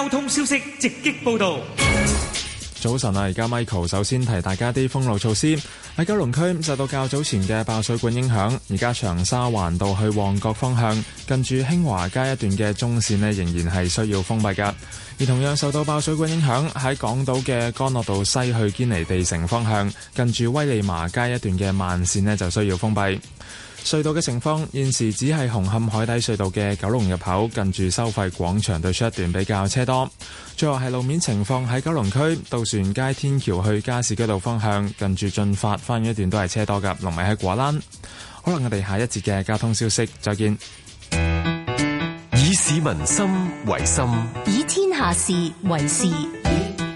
交通消息直擊報道。早晨啊，而家 Michael 首先提大家啲封路措施。喺九龍區受到較早前嘅爆水管影響，而家長沙灣道去旺角方向近住興華街一段嘅中線呢仍然係需要封閉噶。而同樣受到爆水管影響，喺港島嘅干諾道西去堅尼地城方向近住威利麻街一段嘅慢線呢就需要封閉。隧道嘅情況，現時只係紅磡海底隧道嘅九龍入口近住收費廣場對出一段比較車多。最後係路面情況，喺九龍區渡船街天橋去加士居道方向近住進發翻一段都係車多噶，龍尾喺果欄。好啦，我哋下一節嘅交通消息，再見。以市民心為心，以天下事為事，以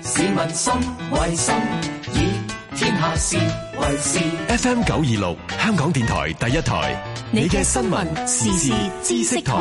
市民心為心，以天下事。為 FM 九二六，香港電台第一台，你嘅新聞時事知識台，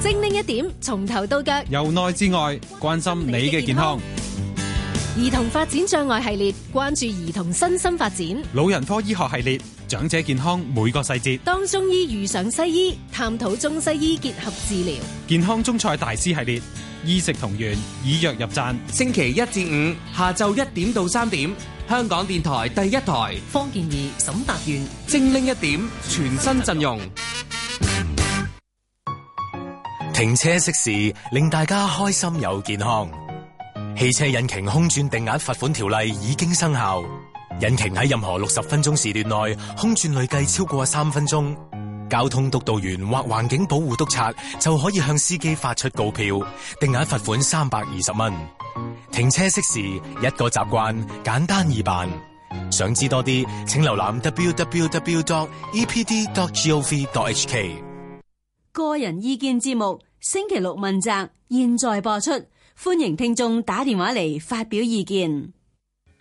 精靈一點，從頭到腳，由內至外，關心你嘅健康。健康兒童發展障礙系列，關注兒童身心發展。老人科醫學系列，長者健康每個細節。當中醫遇上西醫，探討中西醫結合治療。健康中菜大師系列。衣食同源，以藥入饌。星期一至五下晝一點到三點，香港電台第一台。方健儀、沈達元，精靈一點，全新陣容。停車熄匙，令大家開心又健康。汽車引擎空轉定額罰款條例已經生效，引擎喺任何六十分鐘時段內空轉累計超過三分鐘。交通督導員或環境保護督察就可以向司機發出告票，定額罰款三百二十蚊。停車熄匙，一個習慣，簡單易辦。想知多啲，請瀏覽 www.epd.gov.hk。個人意見節目，星期六問責，現在播出，歡迎聽眾打電話嚟發表意見。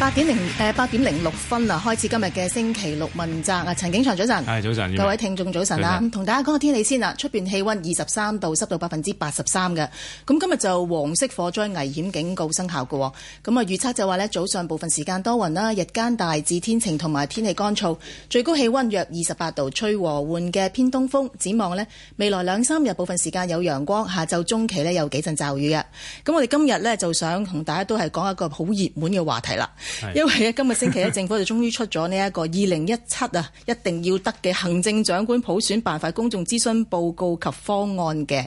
八點零誒，八點零六分啦，開始今日嘅星期六問責啊！陳景祥早晨，係早晨，各位聽眾早晨啦，同大家講個天氣先啦。出邊氣溫二十三度，濕度百分之八十三嘅。咁今日就黃色火災危險警告生效㗎。咁啊預測就話呢早上部分時間多雲啦，日間大致天晴同埋天氣乾燥，最高氣溫約二十八度，吹和緩嘅偏東風。展望呢未來兩三日部分時間有陽光，下晝中期呢有幾陣驟雨嘅。咁我哋今日呢就想同大家都係講一個好熱門嘅話題啦。是 因為今日星期一，政府就終於出咗呢一個二零一七啊，一定要得嘅行政長官普選辦法公眾諮詢報告及方案嘅。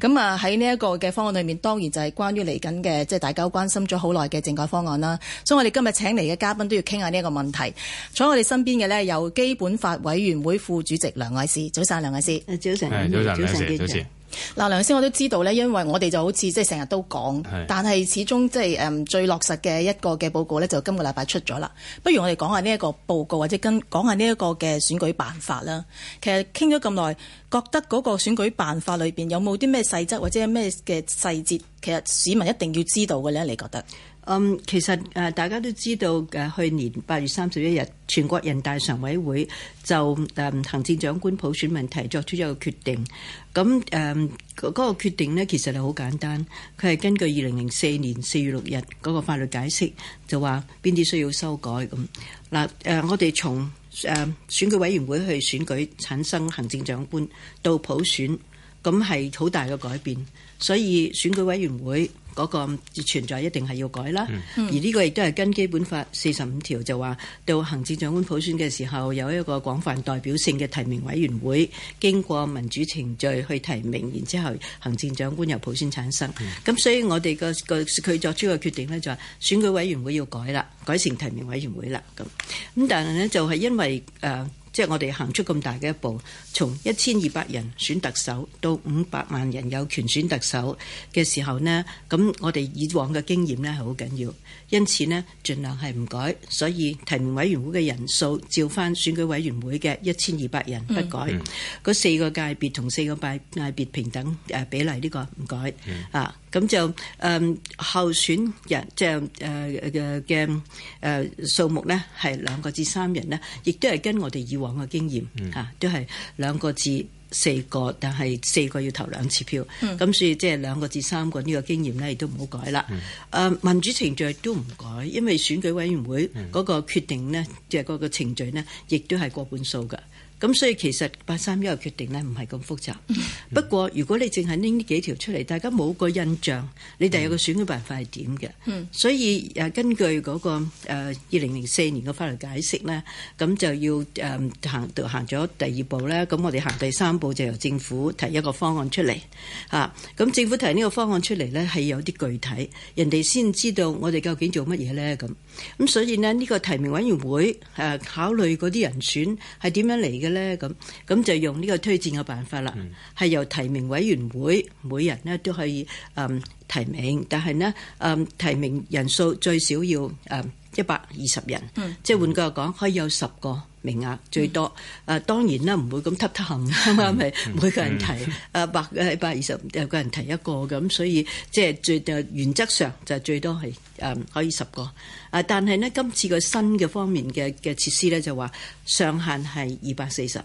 咁啊、嗯，喺呢一個嘅方案裏面，當然就係關於嚟緊嘅，即、就、係、是、大家關心咗好耐嘅政改方案啦。所以，我哋今日請嚟嘅嘉賓都要傾下呢一個問題。坐喺我哋身邊嘅呢，有基本法委員會副主席梁愛詩。早晨，梁愛詩 o。早晨早晨，早晨，早晨。嗱，梁先生我都知道咧，因為我哋就好似即係成日都講，是的 但係始終即係誒最落實嘅一個嘅報告咧就今個禮拜出咗啦。不如我哋講下呢一個報告或者跟講下呢一個嘅選舉辦法啦。其實傾咗咁耐，覺得嗰個選舉辦法裏邊有冇啲咩細則或者咩嘅細節，其實市民一定要知道嘅咧，你覺得？嗯，其實，誒，大家都知道，誒，去年八月三十一日，全國人大常委會就誒行政長官普選問題作出一個決定。咁誒嗰個決定呢，其實係好簡單，佢係根據二零零四年四月六日嗰個法律解釋，就話邊啲需要修改咁。嗱誒，我哋從誒選舉委員會去選舉產生行政長官到普選，咁係好大嘅改變，所以選舉委員會。嗰個存在一定係要改啦，嗯、而呢個亦都係跟基本法四十五條就話，到行政長官普選嘅時候，有一個廣泛代表性嘅提名委員會，經過民主程序去提名，然之後行政長官由普選產生。咁、嗯、所以我哋個個佢作出嘅決定呢、就係，就話選舉委員會要改啦，改成提名委員會啦。咁咁但係呢，就係因為誒，呃即係我哋行出咁大嘅一步，從一千二百人選特首到五百萬人有權選特首嘅時候呢，咁我哋以往嘅經驗呢係好緊要。因此呢，儘量係唔改，所以提名委員會嘅人數照翻選舉委員會嘅一千二百人不改，嗰、嗯、四個界別同四個界別平等誒比例呢、呢個唔改、嗯、啊，咁就誒、嗯、候選人即係誒嘅嘅誒數目呢，係兩個至三人呢，亦都係跟我哋以往嘅經驗嚇、啊，都係兩個至。四個，但係四個要投兩次票，咁、嗯、所以即係兩個至三個呢個經驗咧，亦都唔好改啦。誒、啊、民主程序都唔改，因為選舉委員會嗰個決定呢，即係嗰個程序呢，亦都係過半數㗎。咁所以其實八三一嘅決定咧唔係咁複雜， 不過如果你淨係拎呢幾條出嚟，大家冇個印象，你第有個選舉辦法係點嘅？嗯， 所以誒根據嗰個誒二零零四年嘅法律解釋咧，咁就要誒行行咗第二步咧，咁我哋行第三步就由政府提一個方案出嚟吓。咁政府提呢個方案出嚟咧係有啲具體，人哋先知道我哋究竟做乜嘢咧咁。咁所以咧呢個提名委員會誒考慮嗰啲人選係點樣嚟嘅？咧咁咁就用呢個推薦嘅辦法啦，係、嗯、由提名委員會每人呢都可以誒、嗯、提名，但係呢誒、嗯、提名人數最少要誒一百二十人，即係換句話講，可以有十個。名額最多、嗯、啊，當然啦，唔會咁揼揼行啱啱係每個人提、嗯、啊百啊百二十有個人提一個咁，所以即係、就是、最就原則上就係最多係誒、嗯、可以十個啊，但係呢，今次個新嘅方面嘅嘅設施咧就話上限係二百四十，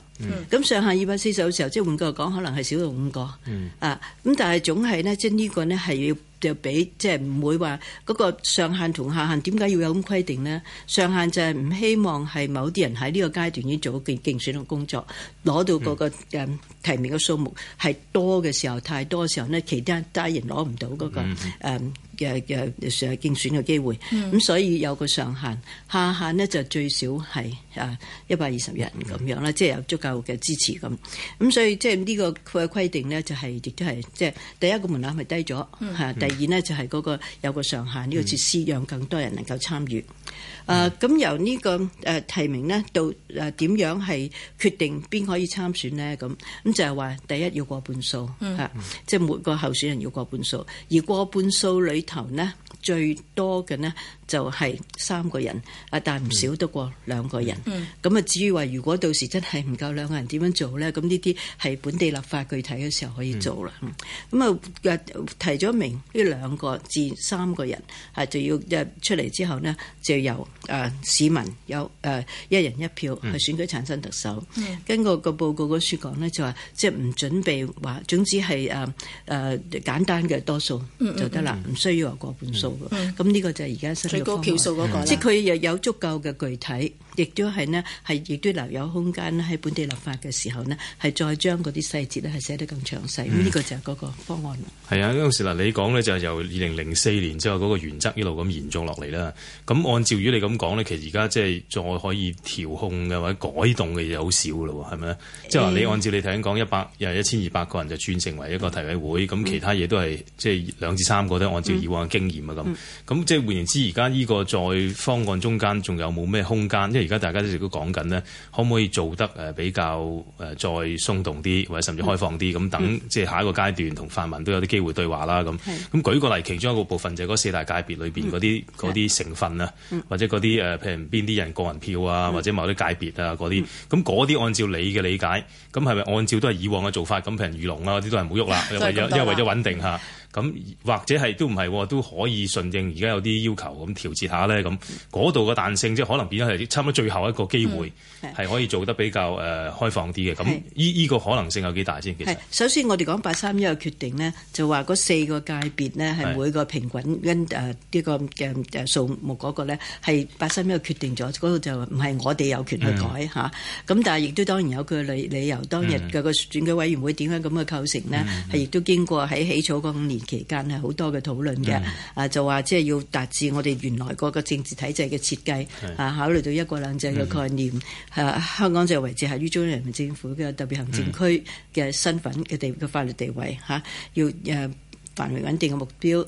咁上限二百四十嘅時候，即、就、係、是、換句話講，可能係少到五個、嗯、啊，咁但係總係咧，即係呢個呢係要。就俾即係唔會話嗰個上限同下限，點解要有咁規定呢？上限就係唔希望係某啲人喺呢個階段已經做過競選嘅工作，攞到嗰個誒提名嘅數目係、嗯、多嘅時候，太多嘅時候咧，其他多人攞唔到嗰、嗰個、嗯嗯嘅嘅上競選嘅機會，咁、嗯、所以有個上限，下限呢就最少係啊一百二十人咁樣啦，即、就、係、是、有足夠嘅支持咁。咁所以即係呢個佢嘅規定呢、就係，就係亦都係即係第一個門檻係低咗嚇，嗯、第二呢就係嗰個有個上限，呢個設施讓更多人能夠參與。嗯嗯誒，咁、嗯呃、由呢、這個誒、呃、提名呢到誒點、呃、樣係決定邊可以參選呢？咁咁就係、是、話第一要過半數吓，嗯啊、即係每個候選人要過半數，而過半數裏頭呢最多嘅呢。就係三個人，啊，但係唔少得過兩個人。咁啊、mm，hmm. 至於話如果到時真係唔夠兩個人點樣做咧，咁呢啲係本地立法具體嘅時候可以做啦。咁啊、mm，hmm. 就提咗明呢兩個至三個人，係就要出嚟之後呢，就由啊市民有誒、啊、一人一票去選舉產生特首。Mm hmm. 根據個報告嗰書講呢，就話即係唔準備話總之係誒誒簡單嘅多數就得啦，唔、mm hmm. 需要話過半數。咁呢、mm hmm. 個就係而家。高票數嗰個，個、嗯、即係佢又有足夠嘅具體。亦都係呢，係亦都留有空間喺本地立法嘅時候呢，係再將嗰啲細節咧係寫得更詳細。呢、嗯、個就係嗰個方案啦。係、嗯、啊，嗰時嗱你講呢，就係、是、由二零零四年之後嗰、那個原則一路咁延續落嚟啦。咁按照與你咁講呢，其實而家即係再可以調控嘅或者改動嘅嘢好少咯，係咪？即係話你按照你頭先講一百又係一千二百個人就轉成為一個提委會，咁、嗯、其他嘢都係即係兩至三個都按照以往嘅經驗啊咁。咁即係換言之，而家呢個在方案中間仲有冇咩空間？因而家大家都亦都講緊咧，可唔可以做得誒比較誒再鬆動啲，或者甚至開放啲咁？嗯、等即係下一個階段同泛民都有啲機會對話啦。咁咁是舉個例，其中一個部分就係嗰四大界別裏邊嗰啲啲成分啊，嗯、或者嗰啲誒譬如邊啲人個人票啊，嗯、或者某啲界別啊嗰啲咁嗰啲，嗯、咁咁按照你嘅理解，咁係咪按照都係以往嘅做法咁？咁譬如漁農啊，啲都係唔好喐啦，為因為為咗穩定嚇。咁或者係都唔係都可以順應而家有啲要求咁調節下咧，咁嗰度嘅彈性，即係可能變咗係差唔多最後一個機會，係、嗯、可以做得比較誒、呃、是開放啲嘅咁依依個可能性有幾大先？其實首先我哋講八三一嘅決定咧，就話嗰四個界別咧係每個平均跟呢是、呃這個嘅數目嗰個咧係八三一決定咗，嗰度就唔係我哋有權去改吓，咁、嗯啊、但係亦都當然有佢嘅理理由，當日個選舉委員會點樣咁嘅構成咧，係亦、嗯、都經過喺起草嗰五年。期間係好多嘅討論嘅，嗯、啊就話即係要達至我哋原來嗰個政治體制嘅設計，是啊考慮到一國兩制嘅概念，係、嗯啊、香港就維持係於中央人民政府嘅特別行政區嘅身份嘅地嘅、嗯、法律地位嚇、啊，要誒繁榮穩定嘅目標，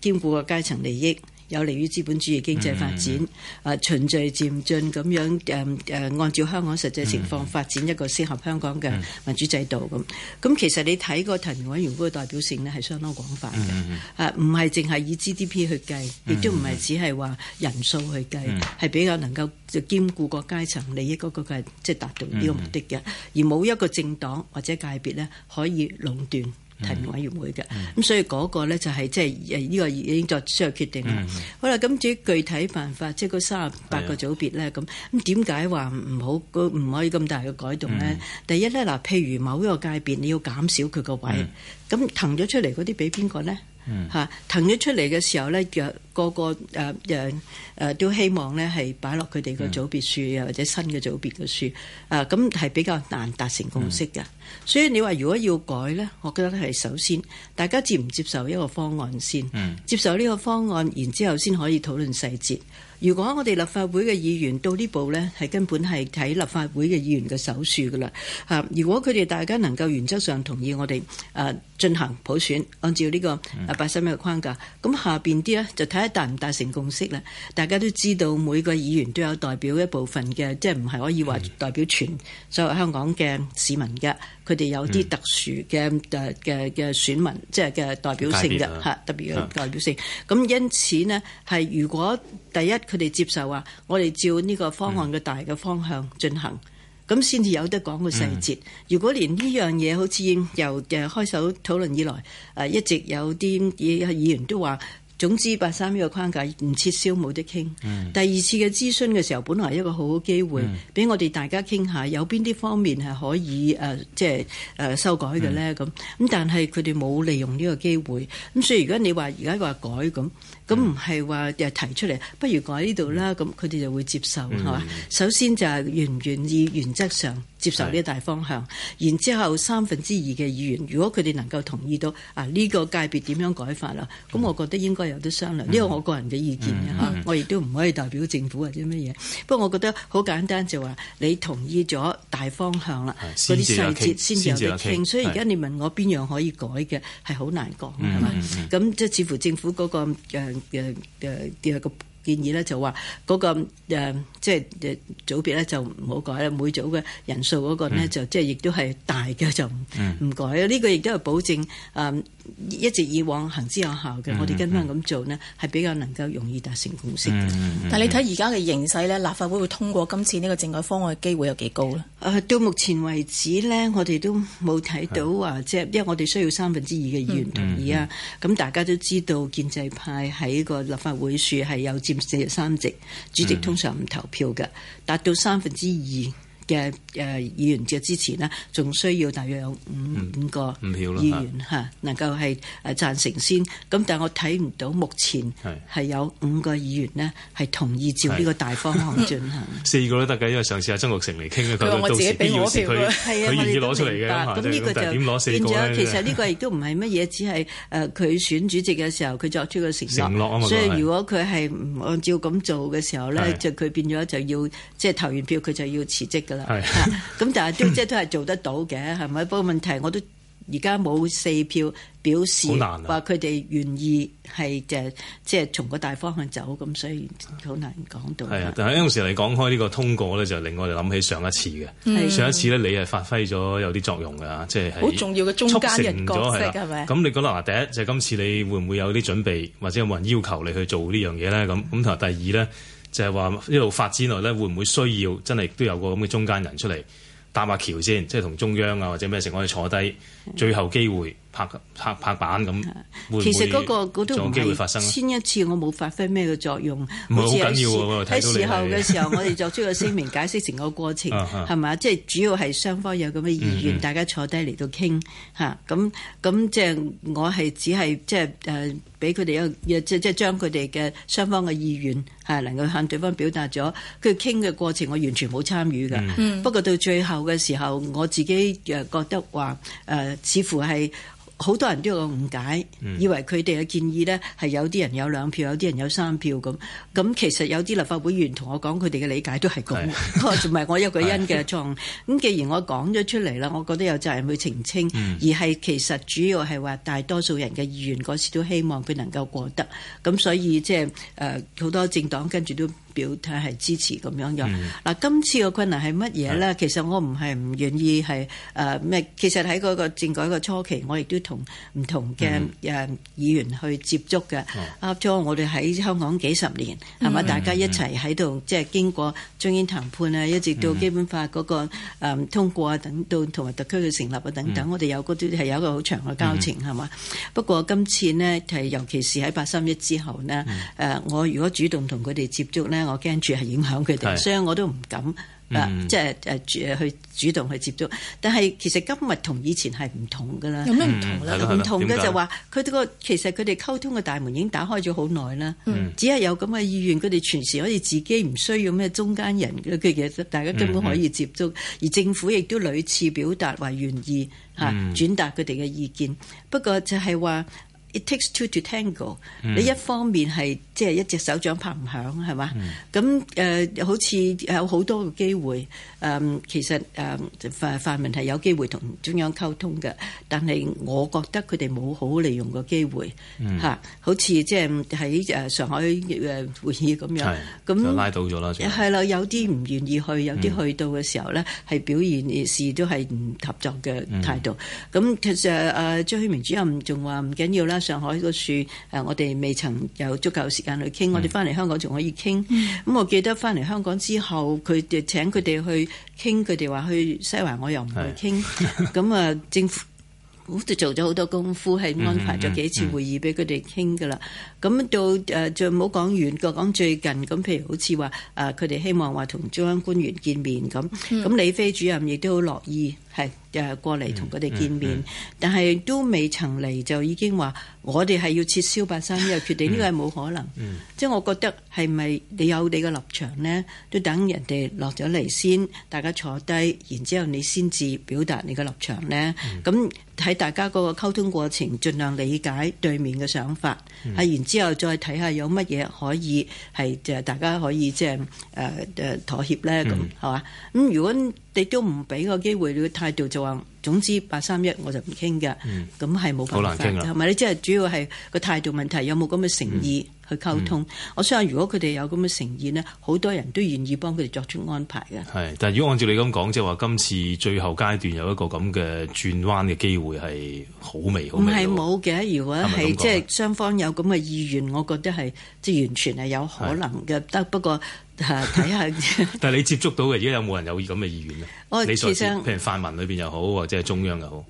兼顧個階層利益。有利於資本主義經濟發展，啊循序漸進咁樣，誒誒，按照香港實際情況發展一個適合香港嘅民主制度咁。咁其實你睇個提名委員會嘅代表性呢，係相當廣泛嘅，啊唔係淨係以 GDP 去計，亦都唔係只係話人數去計，係、嗯嗯、比較能夠兼顧個階層利益嗰、個嘅，即係達到呢個目的嘅，而冇一個政黨或者界別呢，可以壟斷。提名委員會嘅，咁、嗯、所以嗰個咧就係即係呢個已經作出決定啦。嗯、好啦，咁至於具體辦法，即係嗰三十八個組別咧，咁咁點解話唔好，唔可以咁大嘅改動咧？嗯、第一咧，嗱，譬如某一個界別，你要減少佢個位，咁、嗯、騰咗出嚟嗰啲俾邊個咧？嚇、嗯，騰咗出嚟嘅時候咧，個個誒誒誒都希望咧係擺落佢哋個組別書，嗯、或者新嘅組別嘅書，誒咁係比較難達成共識嘅。嗯所以你話如果要改呢，我覺得係首先大家接唔接受一個方案先，mm. 接受呢個方案，然之後先可以討論細節。如果我哋立法會嘅議員到呢步呢，係根本係睇立法會嘅議員嘅手術噶啦嚇。如果佢哋大家能夠原則上同意我哋誒進行普選，按照呢個八三一嘅框架，咁、mm. 下面啲呢，就睇下達唔達成共識啦。大家都知道每個議員都有代表一部分嘅，即係唔係可以話代表全所有香港嘅市民嘅。Mm. 佢哋有啲特殊嘅嘅嘅選民，嗯、即係嘅代表性嘅吓表，特別嘅代表性。咁的因此呢，係如果第一佢哋接受話，我哋照呢個方案嘅大嘅方向進行，咁先至有得講個細節。嗯、如果連呢樣嘢好似由誒開首討論以來，誒一直有啲議議員都話。總之，八三呢個框架唔撤銷冇得傾。嗯、第二次嘅諮詢嘅時候，本來係一個好好機會，俾、嗯、我哋大家傾下有邊啲方面係可以、呃、即係、呃、修改嘅咧。咁咁、嗯，但係佢哋冇利用呢個機會。咁所以如果你話而家話改咁。咁唔係話誒提出嚟，不如改呢度啦，咁佢哋就會接受係嘛？首先就係願唔願意原則上接受呢個大方向，然之後三分之二嘅議員，如果佢哋能夠同意到啊呢個界別點樣改法啦，咁我覺得應該有得商量。呢個我個人嘅意見嘅嚇，我亦都唔可以代表政府或者乜嘢。不過我覺得好簡單，就話你同意咗大方向啦，嗰啲細節先至有得傾。所以而家你問我邊樣可以改嘅係好難講係嘛？咁即係似乎政府嗰個誒。嘅嘅嘅個建議咧就話嗰個誒即係誒組別咧就唔好改啦，每組嘅人數嗰個咧就即係亦都係大嘅就唔唔、嗯、改啦，呢個亦都係保證誒。呃一直以往行之有效嘅，mm hmm. 我哋跟返咁做呢，係、mm hmm. 比較能夠容易達成共識。嘅、mm。Hmm. Mm hmm. 但係你睇而家嘅形勢呢，立法會會，會通過今次呢個政改方案嘅機會有幾高咧？誒、mm hmm. 啊，到目前為止呢，我哋都冇睇到話，即係、mm hmm. 因為我哋需要三分之二嘅議員同意啊。咁、mm hmm. 大家都知道建制派喺個立法會度係有佔四十三席，主席通常唔投票嘅，達、mm hmm. 到三分之二。嘅誒議員嘅支持呢，仲需要大約有五五個議員吓能夠係誒贊成先。咁但係我睇唔到目前係有五個議員呢係同意照呢個大方向進行。 四個都得㗎，因為上次阿曾鈺成嚟傾咧，佢都到時必要，佢願意攞出嚟嘅。咁呢個就個呢變咗，其實呢個亦都唔係乜嘢，只係誒佢選主席嘅時候佢作出個承諾。承諾啊嘛，所以如果佢係唔按照咁做嘅時候咧是，就佢變咗就要即係投完票佢就要辭職㗎。係，咁但係都即係都係做得到嘅，係咪？不過，問題我都而家冇四票表示，好難話佢哋願意係就即係從個大方向走，咁所以好難講到的。係啊，但係同時你講開呢個通過咧，就令我哋諗起上一次嘅。啊、上一次咧，你係發揮咗有啲作用噶，即係好重要嘅中間嘅角色係咪？咁、啊、你覺得嗱，第一就是，今次你會唔會有啲準備，或者有冇人要求你去做這件事、呢樣嘢咧？咁咁同埋第二咧，就係話一路呢度發展落去咧，會唔會需要真係都有個咁嘅中間人出嚟搭下橋先，即係同中央啊或者咩成，可以坐低最後機會。拍拍拍板咁，會會其實嗰、嗰個嗰都唔係先一次，我冇發揮咩嘅作用。唔係好緊要喺時候嘅時候， 我哋作出個聲明解釋成個過程係咪？即係、 即係、主要係雙方有咁嘅意願，嗯、大家坐低嚟到傾吓。咁咁即係我係只係即係誒，俾佢哋有即即、即係、將佢哋嘅雙方嘅意願嚇，能夠向對方表達咗。佢傾嘅過程，我完全冇參與㗎。嗯、不過到最後嘅時候，我自己誒覺得話誒、呃，似乎係。好多人都有個誤解，以為佢哋嘅建議呢係有啲人有兩票，有啲人有三票咁。咁其實有啲立法會議員同我講，佢哋嘅理解都係咁，唔係是的 我一個人嘅錯誤。咁既然我講咗出嚟啦，我覺得有責任去澄清，而係其實主要係話大多數人嘅意願嗰時都希望佢能夠過得。咁所以即係好多政黨跟住都。表態係支持咁樣樣嗱，今次嘅困難係乜嘢咧？其實我唔係唔願意係誒咩。其實喺嗰個政改嘅初期，我亦都同唔同嘅誒議員去接觸嘅。噏咗我哋喺香港幾十年係嘛？大家一齊喺度即係經過中英談判啊，一直到基本法嗰個誒通過啊，等到同埋特區嘅成立啊等等，我哋有嗰啲係有一個好長嘅交情係嘛。不過今次咧係，尤其是喺八三一之後咧，誒我如果主動同佢哋接觸咧，我驚住係影響佢哋，是所以我都唔敢，即係誒去主動去接觸。但係其實今日同以前係唔同噶啦，有咩唔同咧？唔、嗯、同嘅就話佢哋個其實佢哋溝通嘅大門已經打開咗好耐啦，嗯、只係有咁嘅意願。佢哋隨時可以自己唔需要咩中間人嘅嘢，大家根本可以接觸。嗯嗯、而政府亦都屢次表達話願意吓轉達佢哋嘅意見。不過就係話，it takes two to tangle、嗯。你一方面係。即係一隻手掌拍唔響，係嘛？咁誒、嗯呃，好似有好多個機會誒、嗯，其實誒、呃、泛民係有機會同中央溝通嘅，但係我覺得佢哋冇好利用個機會嚇、嗯啊，好似即係喺誒上海誒會議咁樣。咁拉倒咗啦，係啦那，有啲唔願意去，有啲去到嘅時候咧，係、嗯、表現的事都係唔合作嘅態度。咁、嗯、其實阿、呃、張曉明主任仲話唔緊要啦，上海個樹誒、呃，我哋未曾有足夠時間。嚟傾，我哋翻嚟香港仲可以傾。咁、嗯、我記得翻嚟香港之後，佢哋請佢哋去傾，佢哋話去西環，我又唔去傾。咁啊是， 政府好似做咗好多功夫，係安排咗幾次會議俾佢哋傾噶啦。咁、嗯嗯嗯、到誒，就唔好講遠嘅，講最近咁，譬如好似話誒，佢、呃、哋希望話同中央官員見面咁，咁李飛主任亦都好樂意。係誒過嚟同佢哋見面，嗯嗯嗯、但係都未曾嚟就已經話我哋係要撤銷八三一呢個決定，呢個係冇可能。即係、嗯嗯、我覺得係咪你有你嘅立場呢？都等人哋落咗嚟先，大家坐低，然之後你先至表達你嘅立場呢。咁喺、嗯、大家嗰個溝通過程，儘量理解對面嘅想法。係、嗯啊、然之後再睇下有乜嘢可以係即大家可以即係誒誒妥協呢。咁係嘛？咁如果你都唔俾個機會你。態度就話，總之八三一我就唔傾嘅，咁係冇辦法。同埋你即係主要係個態度問題，有冇咁嘅誠意去溝通？嗯嗯、我相信，如果佢哋有咁嘅誠意呢，好多人都願意幫佢哋作出安排嘅。係，但係如果按照你咁講，即係話今次最後階段有一個咁嘅轉彎嘅機會係好微好微。唔係冇嘅，如果係即係雙方有咁嘅意願，我覺得係即係完全係有可能嘅。得的不過。睇下，看看 但係你接觸到嘅，而家有冇人有咁嘅意願咧？哦，你其實，譬如泛民裏邊又好，或者係中央又好。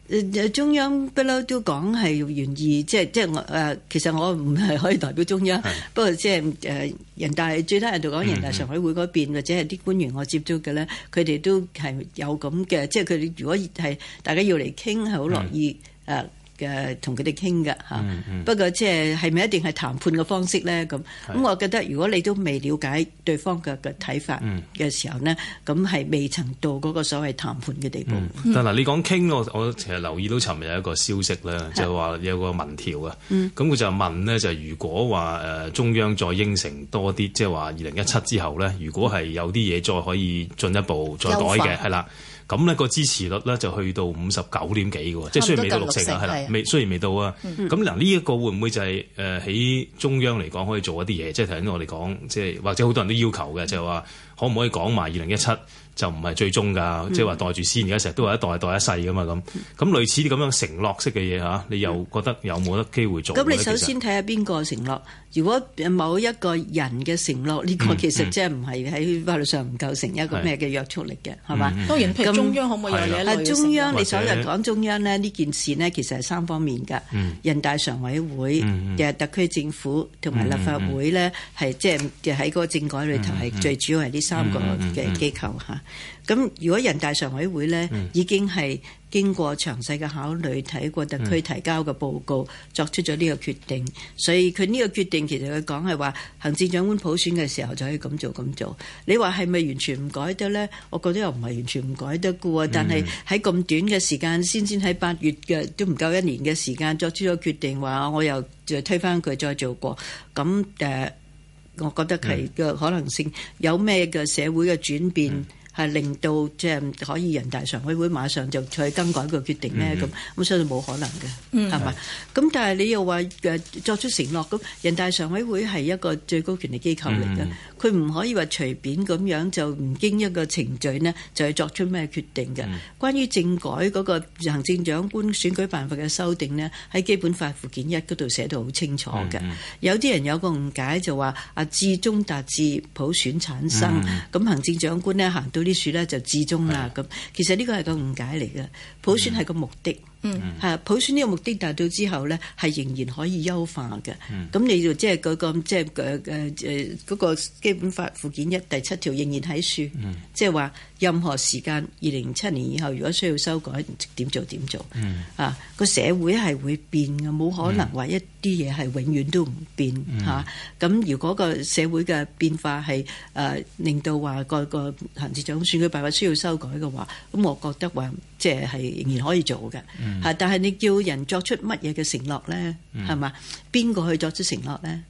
中央不嬲都講係願意，即係即係我誒。其實我唔係可以代表中央，是不過即係誒人大，最低限度講人大常委會嗰邊，嗯嗯或者係啲官員我接觸嘅咧，佢哋都係有咁嘅，即係佢哋如果係大家要嚟傾，係好樂意誒。是啊嘅同佢哋傾嘅嚇，嗯嗯、不過即係係咪一定係談判嘅方式咧？咁咁是，咁我覺得如果你都未了解對方嘅嘅睇法嘅時候呢，咁係未曾到嗰個所謂談判嘅地步。但嗱、嗯嗯，你講傾我，我其實留意到尋日有一個消息咧，是就係話有一個民調嘅，咁佢是就問呢，就係、是、如果話誒中央再應承多啲，即係話二零一七之後呢，如果係有啲嘢再可以進一步再改嘅，係啦分。是咁呢個支持率咧就去到五十九點幾喎，即係雖然未到六成係啦，未的雖然未到啊。咁嗱呢一個會唔會就係誒喺中央嚟講可以做一啲嘢，即係頭先我哋講，即係或者好多人都要求嘅，嗯、就係話可唔可以講埋二零一七？就唔係最終㗎，即係話袋住先，而家成日都話一代代一世㗎嘛，咁咁類似啲咁樣承諾式嘅嘢嚇，你又覺得有冇得機會做？咁你首先睇下邊個承諾？如果某一個人嘅承諾，呢個其實即係唔係喺法律上唔構成一個咩嘅約束力嘅，係嘛？當然，譬如中央可唔可以有嘢？係中央，你所謂講中央咧，呢件事咧其實係三方面㗎。嗯，人大常委會嘅特區政府同埋立法會咧，係即係喺嗰個政改裏頭係最主要係呢三個嘅機構嚇。咁如果人大常委會呢、嗯、已經係經過詳細嘅考慮，睇過特區提交嘅報告，嗯、作出咗呢個決定，所以佢呢個決定其實佢講係話行政長官普選嘅時候就可以咁做咁做。你話係咪完全唔改得呢？我覺得又唔係完全唔改得嘅。但係喺咁短嘅時間，嗯、先先喺八月嘅都唔夠一年嘅時間作出咗決定，話我又再推翻佢再做過。咁誒，uh, 我覺得佢嘅可能性、嗯、有咩嘅社會嘅轉變？嗯令到即係可以人大常委會馬上就再更改個決定咩咁？咁、嗯、所以冇可能嘅，係咪、嗯？咁但係你又話作出承諾，咁，人大常委會係一個最高權力機構嚟嘅，佢唔、嗯、可以話隨便咁樣就唔經一個程序咧就去作出咩決定嘅。嗯、關於政改嗰個行政長官選舉辦法嘅修訂咧，喺基本法附件一嗰度寫到好清楚嘅。嗯嗯、有啲人有個誤解就話啊，至終達至普選產生，咁、嗯嗯、行政長官咧行到啲。啲樹咧就至終啦咁，其實呢個係個誤解嚟嘅，普選係個目的。嗯，嚇！普選呢個目的達到之後咧，係仍然可以優化嘅。咁、嗯、你就即係嗰個即係誒誒誒嗰個基本法附件一第七條仍然喺樹，即係話任何時間二零零七年以後，如果需要修改，點做點做？點做嗯、啊，個社會係會變嘅，冇可能話一啲嘢係永遠都唔變嚇。咁如果個社會嘅變化係誒、呃、令到話個個行政長官選舉辦法需要修改嘅話，咁我覺得話即係係仍然可以做嘅。嚇！嗯、但係，你叫人作出乜嘢嘅承諾咧？係嘛、嗯？邊個去作出承諾咧？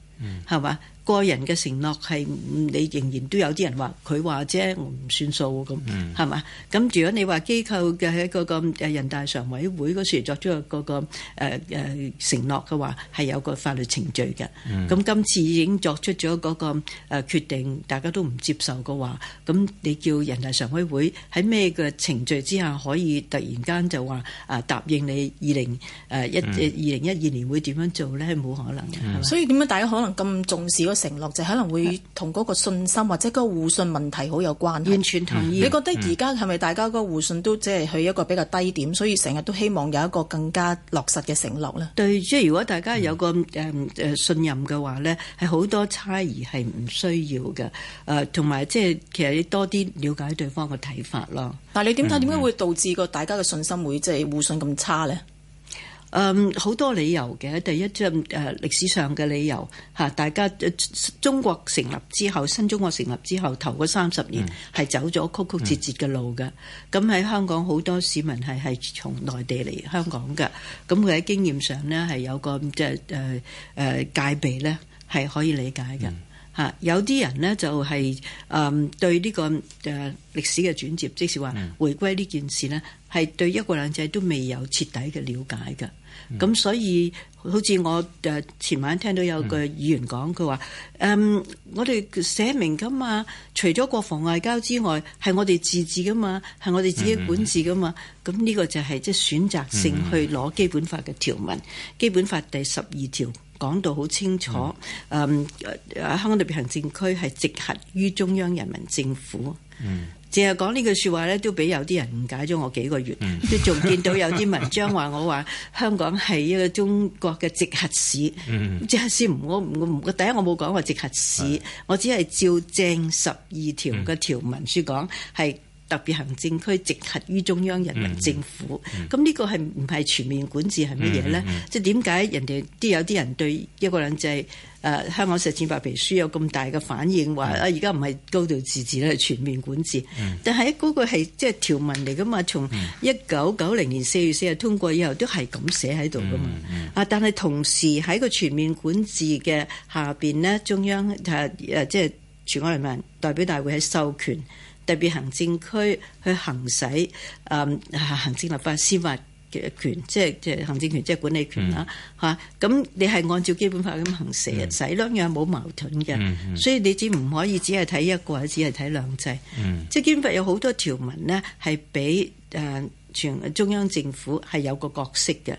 係嘛、嗯？是個人嘅承諾，係你仍然都有啲人話佢話啫，我唔算數咁，係嘛、嗯？咁如果你話機構嘅一個誒人大常委會嗰時作出、嗰個個誒誒承諾嘅話，係有個法律程序嘅。咁、嗯、今次已經作出咗個誒決定，大家都唔接受嘅話，咁你叫人大常委會喺咩嘅程序之下可以突然間就話誒、啊、答應你二零誒一誒二零一二年會點樣做咧？係冇可能、嗯、吧所以點解大家可能咁重視。個承諾就可能會同嗰個信心或者嗰個互信問題好有關。完全同意。你覺得而家係咪大家嗰個互信都即係去一個比較低點，嗯、所以成日都希望有一個更加落實嘅承諾呢？對，即係如果大家有個誒誒、嗯嗯、信任嘅話呢，係好多差異係唔需要嘅。誒、呃，同埋即係其實你多啲了解對方嘅睇法囉。但係你點睇？點解、嗯、會導致個大家嘅信心會即係、就是、互信咁差呢？誒，好、嗯、多理由嘅，第一即係誒歷史上嘅理由嚇。大家中國成立之後，新中國成立之後頭嗰三十年係走咗曲曲折折嘅路嘅。咁喺、嗯、香港好多市民係係從內地嚟香港嘅，咁佢喺經驗上呢，係有個即係誒誒戒備呢，係可以理解嘅嚇。嗯、有啲人呢，就係、是、誒、嗯、對呢、這個誒、呃、歷史嘅轉折，即是話回歸呢件事呢，係對一國兩制都未有徹底嘅了解嘅。咁所以好似我誒前晚聽到有個議員講，佢話誒我哋寫明㗎嘛，除咗國防外交之外，係我哋自治㗎嘛，係我哋自己管治㗎嘛。咁呢、嗯、個就係即係選擇性去攞基本法嘅條文。嗯、基本法第十二條講到好清楚，誒、嗯嗯、香港特別行政區係直轄於中央人民政府。嗯淨係講呢句説話咧，都俾有啲人誤解咗。我幾個月，都仲見到有啲文章話我話香港係一個中國嘅直轄市，嗯、直轄市唔，我我唔，第一我冇講過直轄市，我、嗯、我只係照正十二條嘅條文書講係。特別行政區直轄於中央人民政府，咁呢、嗯嗯、個係唔係全面管治係乜嘢咧？即係點解人哋都有啲人對一國兩制誒香港實踐白皮書有咁大嘅反應，話啊而家唔係高度自治咧，係全面管治。嗯、但係嗰個係即係條文嚟噶嘛？從一九九零年四月四日通過以後，都係咁寫喺度噶嘛？嗯嗯嗯、啊，但係同時喺個全面管治嘅下邊咧，中央誒誒即係全國人民代表大會喺授權。特別行政區去行使誒行政立法司法嘅權，即係即係行政權，即係管理權啦，吓咁、mm. 啊、你係按照基本法咁行使，使兩樣冇矛盾嘅，mm. 所以你只唔可以只係睇一個，只係睇兩制，即係、mm. 基本法有好多條文呢，係俾誒全中央政府係有個角色嘅。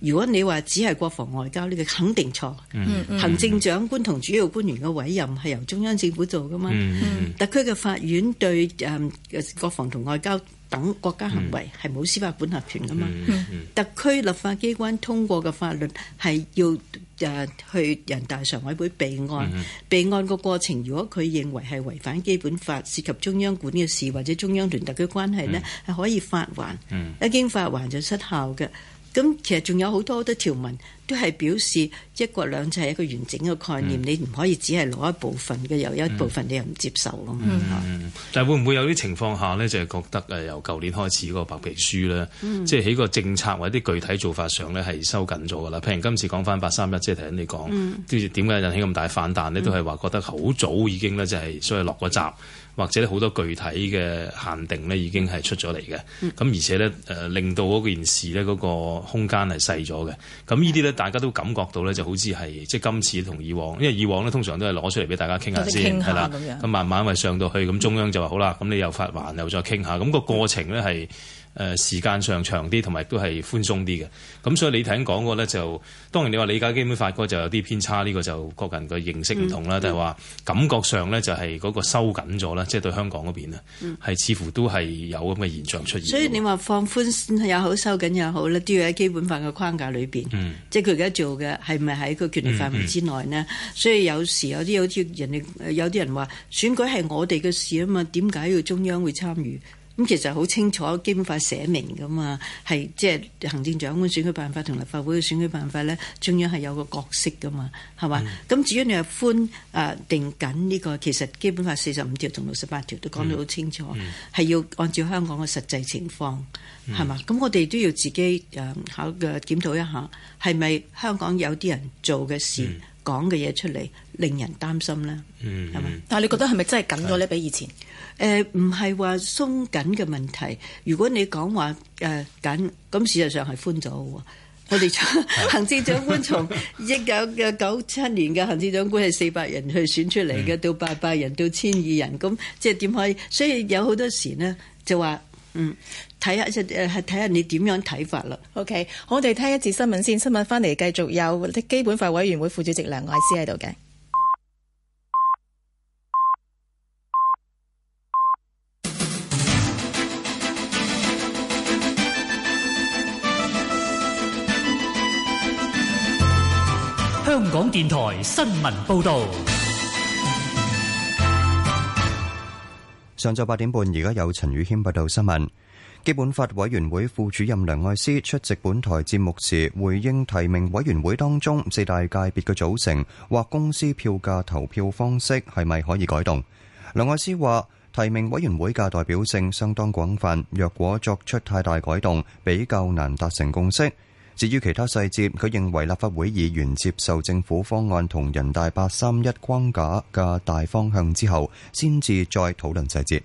如果你話只係國防外交呢個肯定錯，mm hmm. 行政長官同主要官員嘅委任係由中央政府做噶嘛。Mm hmm. 特區嘅法院對誒、嗯、國防同外交等國家行為係冇司法管轄權噶嘛。Mm hmm. 特區立法機關通過嘅法律係要誒、啊、去人大常委會備案，mm hmm. 備案個過程如果佢認為係違反基本法、涉及中央管嘅事或者中央同特區關係呢係、mm hmm. 可以發還，mm hmm. 一經發還就失效嘅。咁其實仲有好多啲條文都係表示一國兩制係一個完整嘅概念，嗯、你唔可以只係攞一部分嘅，又有一部分你又唔接受咯。但係會唔會有啲情況下呢？就係、是、覺得誒由舊年開始嗰個白皮書呢，即係喺個政策或者啲具體做法上呢，係收緊咗㗎啦。譬如今次講翻八三一，即係頭先你講，跟住點解引起咁大反彈？你都係話覺得好早已經呢，就係、是、所以落咗閘。或者好多具體嘅限定呢，已經係出咗嚟嘅，咁、嗯、而且呢，令到嗰件事呢嗰個空間係細咗嘅，咁呢啲呢大家都感覺到呢，就好似係即係今次同以往，因為以往呢通常都係攞出嚟俾大家傾下先，係啦了，咁樣慢慢咪上到去，咁中央就話好啦，咁你又發還又再傾下，咁、個過程呢係。誒、呃、時間上長啲，同埋都係寬鬆啲嘅。咁所以你聽講過咧，就當然你話理解基本法嗰就有啲偏差，呢、這個就各人嘅認識唔同啦。嗯嗯、但係話感覺上咧，就係嗰個收緊咗啦，即、就、係、是、對香港嗰邊咧，係、嗯、似乎都係有咁嘅現象出現。所以你話放寬又好，收緊又好咧，都要喺基本法嘅框架裏面。嗯、即係佢而家做嘅係咪喺個權力範圍之內呢？嗯嗯、所以有時有啲有啲人哋有啲人話選舉係我哋嘅事啊嘛，點解要中央會參與？咁其實好清楚，基本法寫明㗎嘛，係即係行政長官選舉辦法同立法會嘅選舉辦法咧，中央係有個角色㗎嘛，係嘛？咁、嗯、至於你話寬啊、呃、定緊呢、呢個，其實基本法四十五條同六十八條都講得好清楚，係、嗯嗯、要按照香港嘅實際情況，係嘛？咁、嗯、我哋都要自己誒、呃、考嘅檢討一下，係咪香港有啲人做嘅事、講嘅嘢出嚟，令人擔心咧？係咪、嗯？嗯、嘛但係你覺得係咪真係緊咗咧？比以前？誒唔係話鬆緊嘅問題。如果你講話誒緊，咁、呃、事實上係寬咗喎。我哋 行政長官從一九嘅九七年嘅行政長官係四百人去選出嚟嘅，到八百人，到千二人，咁即係點可以？所以有好多時呢，就話，嗯，睇下、okay，即係誒，睇下你點樣睇法啦。OK，我哋聽一次新聞先，新聞翻嚟繼續有基本法委員會副主席梁愛詩喺度嘅。香港電台新聞報道：上晝八點半，而家有陳宇謙報道新聞。基本法委員會副主任梁愛詩出席本台節目時，回應提名委員會當中四大界別嘅組成或公司票價投票方式係咪可以改動？梁愛詩話：提名委員會嘅代表性相當廣泛，若果作出太大改動，比較難達成共識。至於其他細節，佢認為立法會議員接受政府方案同人大八三一框架嘅大方向之後，先至再討論細節。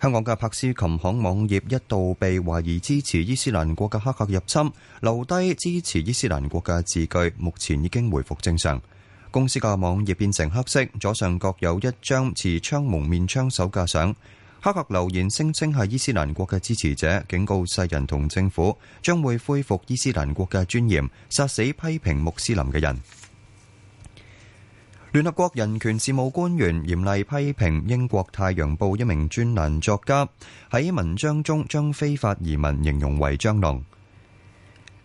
香港嘅柏斯琴行網頁一度被懷疑支持伊斯蘭國嘅黑客入侵，留低支持伊斯蘭國嘅字句，目前已經回復正常。公司嘅網頁變成黑色，左上角有一張持槍蒙面槍手嘅相。黑客留言聲稱係伊斯蘭國嘅支持者，警告世人同政府將會恢復伊斯蘭國嘅尊嚴，殺死批評穆斯林嘅人。聯合國人權事務官員嚴厲批評英國《太陽報》一名專欄作家喺文章中將非法移民形容為蟑螂。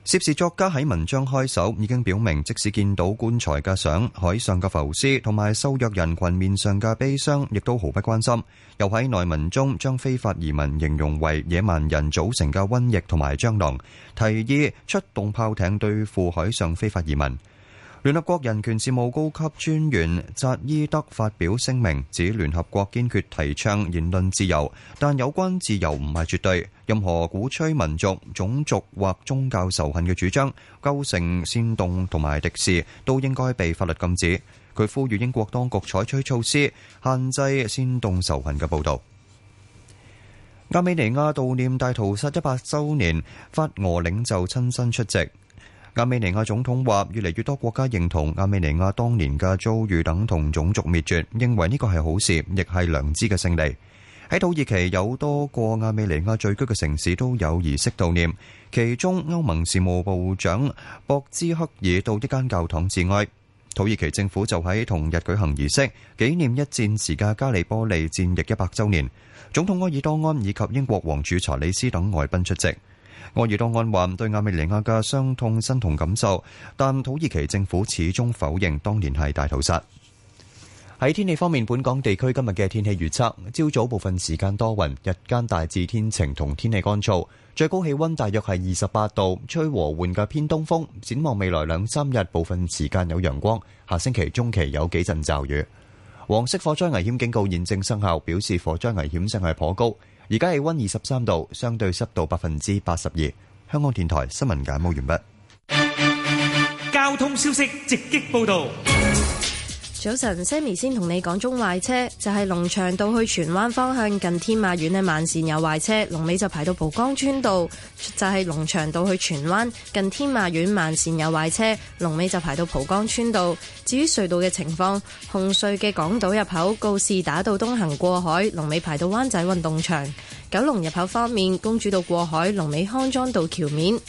涉事作家喺文章開首已經表明，即使見到棺材嘅相、海上嘅浮屍同埋受虐人群面上嘅悲傷，亦都毫不關心。又喺內文中將非法移民形容為野蠻人組成嘅瘟疫同埋蟑螂，提議出動炮艇對付海上非法移民。聯合國人權事務高級專員扎伊德發表聲明，指聯合國堅決提倡言論自由，但有關自由唔係絕對，任何鼓吹民族、種族或宗教仇恨嘅主張，構成煽動同埋敵視，都應該被法律禁止。佢呼籲英國當局採取措施，限制煽動仇恨嘅報道。亞美尼亞悼念大屠殺一百周年，法俄領袖親身出席。亞美尼亞總統話：越嚟越多國家認同亞美尼亞當年嘅遭遇等同種族滅絕，認為呢個係好事，亦係良知嘅勝利。喺土耳其有多個亞美尼亞聚居嘅城市都有儀式悼念，其中歐盟事務部長博茲克爾到一間教堂致哀。土耳其政府就喺同日舉行儀式紀念一戰時嘅加利波利戰役一百週年，總統埃爾多安以及英國王儲查理斯等外賓出席。安遇到安環對亞美尼亞嘅傷痛，身同感受，但土耳其政府始終否認當年係大屠殺。喺天氣方面，本港地區今日嘅天氣預測：朝早部分時間多雲，日間大致天晴同天氣乾燥，最高氣溫大約係二十八度，吹和緩嘅偏東風。展望未來兩三日，部分時間有陽光，下星期中期有幾陣驟雨。黃色火災危險警告現正生效，表示火災危險性係頗高。而家氣溫二十三度，相對濕度百分之八十二。香港電台新聞簡報完畢。交通消息直擊報道。早晨，Sammy 先同你講中壞車，就係龍翔道去荃灣方向近天馬苑嘅慢線有壞車，龍尾就排到蒲崗村道；就係龍翔道去荃灣近天馬苑慢線有壞車，龍尾就排到蒲崗村道。至於隧道嘅情況，紅隧嘅港島入口告士打道東行過海，龍尾排到灣仔運動場；九龍入口方面，公主道過海，龍尾康莊道橋面。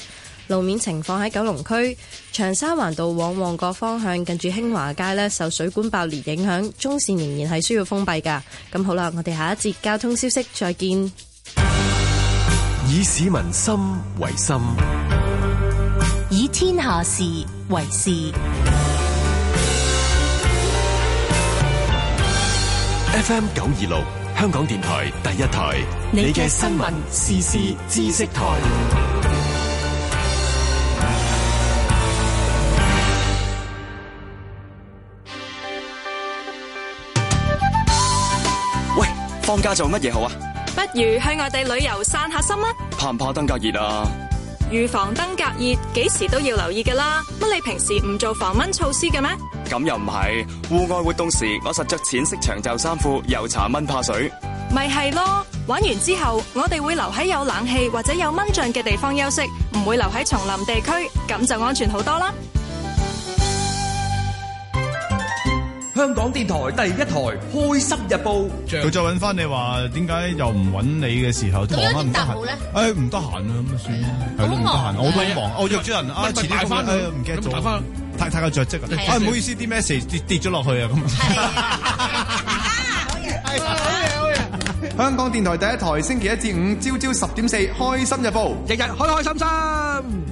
路面情況喺九龍區長沙環道往旺角方向近住興華街受水管爆裂影響，中線仍然係需要封閉噶。咁好啦，我哋下一節交通消息再見。以市民心為心，以天下事為事。FM 九二六，香港電台第一台，你嘅新聞、時事、知識台。家做乜嘢好啊？不如去外地旅遊散下心啊。怕唔怕登革熱啊？預防登革熱，幾時都要留意噶啦。乜你平時唔做防蚊措施嘅咩？咁又唔係。戶外活動時，我實着淺色長袖衫褲，又搽蚊怕水，咪係咯。玩完之後，我哋會留喺有冷氣或者有蚊帳嘅地方休息，唔會留喺叢林地區，咁就安全好多啦。香港電台第一台開心日報，佢再揾翻你話，點解又唔揾你嘅時候忙啊，唔得閒。哎唔得閒啊，咁算啦，咁忙我都好忙，我約咗人啊，遲啲翻去，唔記得做翻，太太過着職啊。哎唔好意思，啲咩事跌跌咗落去啊咁。好，係香港電台第一台，星期一至五朝朝十點四，開心日報，日日開開心心。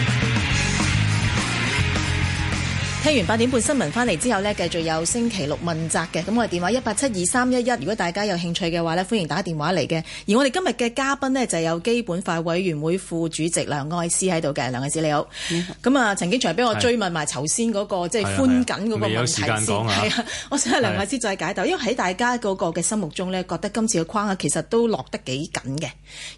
聽完八點半新聞翻嚟之後呢，繼續有星期六問責嘅，咁我哋電話一八七二三一一，如果大家有興趣嘅話呢，歡迎打電話嚟嘅。而我哋今日嘅嘉賓呢，就是，有基本法委員會副主席梁愛詩喺度嘅，梁愛詩你好。咁啊，嗯，陳景祥俾我追問埋頭先嗰個的即係寬緊嗰個問題先。我想阿梁愛詩再解答，的因為喺大家嗰個嘅心目中呢，覺得今次嘅框架其實都落得幾緊嘅，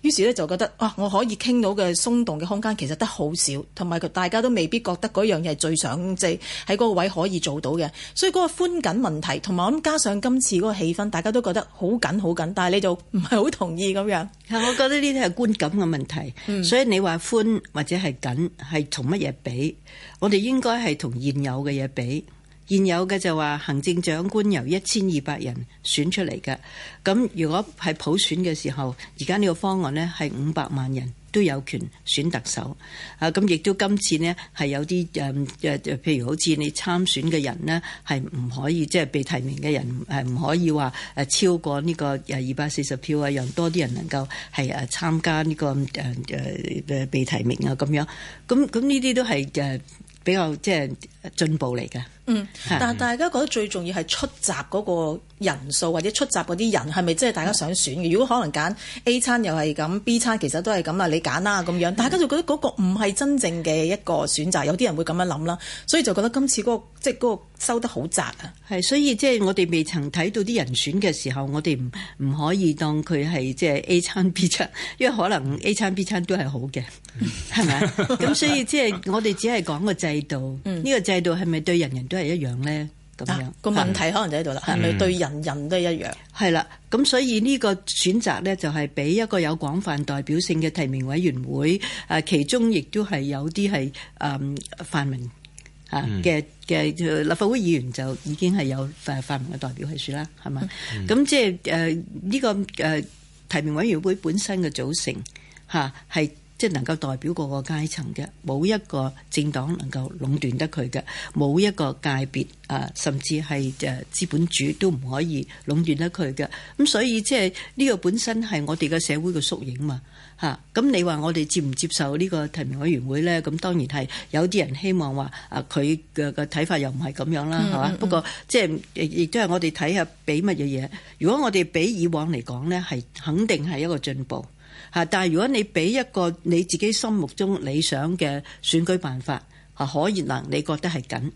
於是呢，就覺得哇、啊，我可以傾到嘅鬆動嘅空間其實得好少，同埋大家都未必覺得嗰樣嘢係最想即喺嗰個位可以做到嘅，所以嗰個寬緊問題，同埋我諗加上今次嗰個氣氛，大家都覺得好緊好緊，但係你就唔係好同意咁樣。係，我覺得呢啲係觀感嘅問題，嗯、所以你話寬或者係緊係同乜嘢比？我哋應該係同現有嘅嘢比，現有嘅就話行政長官由一千二百人選出嚟嘅，咁如果係普選嘅時候，而家呢個方案呢係五百萬人。都有權選特首啊！咁亦都今次呢係有啲誒誒，譬如好似你參選嘅人呢，係唔可以即係、就是、被提名嘅人，係唔可以話誒超過呢個誒二百四十票啊，讓多啲人能夠係誒參加呢個誒誒被提名啊咁樣。咁咁呢啲都係誒比較即係進步嚟嘅。嗯，但係大家覺得最重要係出閘嗰個人數或者出閘嗰啲人係咪即係大家想選嘅？嗯、如果可能揀 A 餐又係咁，B 餐其實都係咁啊，你揀啦，咁樣大家就覺得嗰個唔係真正嘅一個選擇，有啲人會咁樣諗啦，所以就覺得今次嗰、嗰個即係嗰個收得好窄啊。係，所以即係我哋未曾睇到啲人選嘅時候，我哋唔唔可以當佢係即係 A 餐 B 餐，因為可能 A 餐 B 餐都係好嘅，係咪？咁所以即係我哋只係講個制度，呢、嗯、個制度係咪對人人？都係一樣咧，咁樣個、啊、問題可能就喺度啦，係咪對人人都一樣？係啦，mm.，咁所以呢個選擇咧，就係俾一個有廣泛代表性嘅提名委員會，誒，其中亦都係有啲係誒泛民啊嘅嘅立法會議員，就已經係有誒泛民嘅代表去選啦，係嘛？咁即係誒呢個誒、呃、提名委員會本身嘅組成吓係。啊即係能夠代表各個階層嘅，冇一個政黨能夠壟斷得佢嘅，冇一個界別啊，甚至係誒資本主都唔可以壟斷得佢嘅。咁所以即係呢、這個本身係我哋嘅社會嘅縮影嘛嚇。咁、啊、你話我哋接唔接受呢個提名委員會咧？咁當然係有啲人希望話啊，佢嘅嘅睇法又唔係咁樣啦，係嘛、嗯嗯嗯？不過即係亦亦都係我哋睇下俾乜嘢嘢。如果我哋比以往嚟講咧，係肯定係一個進步。吓！但係如果你俾一個你自己心目中理想嘅選舉辦法，嚇可以能你覺得係緊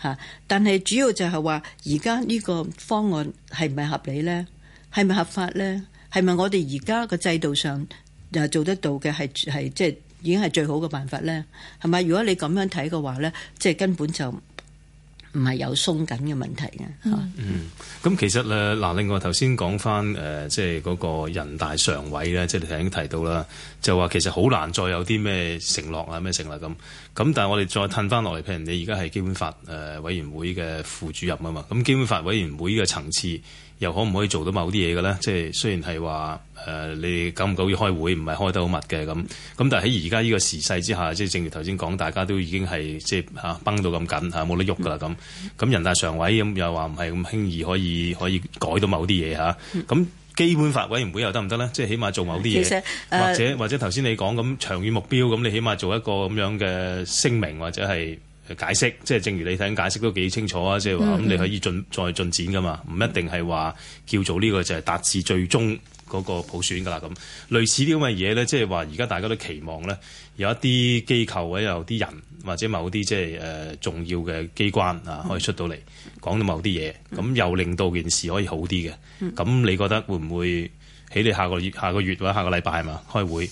嚇？但係主要就係話，而家呢個方案係唔係合理咧？係咪合法咧？係咪我哋而家個制度上又做得到嘅？係係即係已經係最好嘅辦法咧？係咪？如果你咁樣睇嘅話咧，即係根本就。唔係有鬆緊嘅問題嘅嚇。嗯，咁其實咧嗱，另外頭先講翻誒，即係嗰個人大常委咧，即係你頭先提到啦，就話其實好難再有啲咩承諾啊，咩承諾咁。咁但係我哋再褪翻落嚟，譬如你而家係基本法委員會嘅副主任啊嘛，咁基本法委員會嘅層次。又可唔可以做到某啲嘢嘅咧？即係雖然係話誒，你久唔久要開會，唔係開得好密嘅咁。咁但係喺而家呢個時勢之下，即係正如頭先講，大家都已經係即係、啊、崩到咁緊，冇得喐噶啦咁。咁、啊嗯、人大常委咁又話唔係咁輕易可以可以改到某啲嘢嚇。咁、啊嗯、基本法委員會又得唔得咧？即係起碼做某啲嘢、uh，或者或者頭先你講咁長遠目標，咁你起碼做一個咁樣嘅聲明或者係。解釋即係正如你睇解釋都幾清楚啊！即係話咁你可以進再進展噶嘛，唔一定係話叫做呢個就係達至最終嗰個普選噶啦咁。類似啲咁嘅嘢咧，即係話而家大家都期望咧有一啲機構或者有啲人或者某啲即係誒重要嘅機關啊，可以出到嚟講到某啲嘢，咁又令到件事可以好啲嘅。咁你覺得會唔會喺你下個月、下個月或者下個禮拜係嘛開會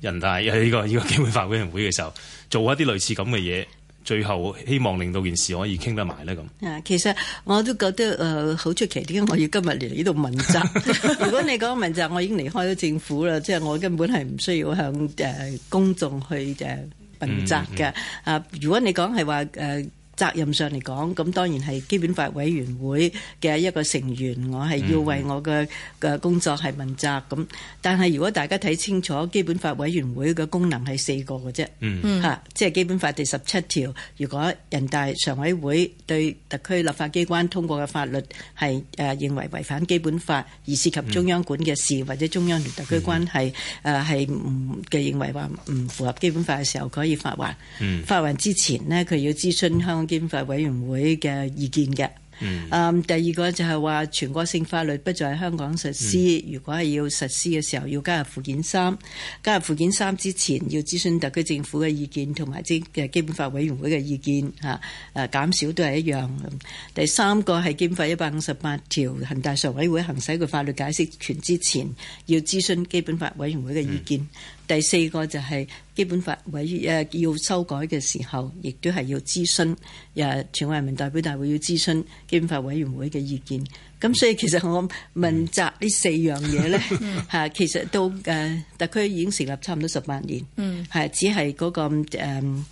人大呢個呢個基本法委員會嘅時候做一啲類似咁嘅嘢？最後希望令到件事可以傾得埋咧咁。啊，其實我都覺得誒好出奇啲，點解我要今日嚟呢度問責。 如果你講問責，我已經離開咗政府啦，即係我根本係唔需要向誒公眾去誒問責嘅。嗯嗯嗯、啊，如果你講係話誒。呃責任上嚟講，咁當然係基本法委員會嘅一個成員，我係要為我嘅嘅工作係問責咁。嗯嗯、但係如果大家睇清楚，基本法委員會嘅功能係四個嘅啫，嗯，吓、啊，即係基本法第十七條，如果人大常委會對特區立法機關通過嘅法律係誒、呃、認為違反基本法，而涉及中央管嘅事、嗯、或者中央同特區關係誒係唔嘅認為話唔符合基本法嘅時候，可以發還、嗯、發還之前呢，佢要諮詢香、嗯。基本法委員會嘅意見嘅，嗯，嗯，第二個就係話全國性法律不在香港實施，嗯、如果係要實施嘅時候，要加入附件三，加入附件三之前要諮詢特區政府嘅意見同埋即係基本法委員會嘅意見吓，誒、啊，減少都係一樣。第三個係基本法一百五十八條人大常委會行使個法律解釋權之前，要諮詢基本法委員會嘅意見。嗯第四個就係基本法委誒要修改嘅時候，亦都係要諮詢誒全國人民代表大會要諮詢基本法委員會嘅意見。咁所以其實我問責呢四樣嘢咧嚇， 其實都誒特區已經成立差唔多十八年，係 只係嗰個誒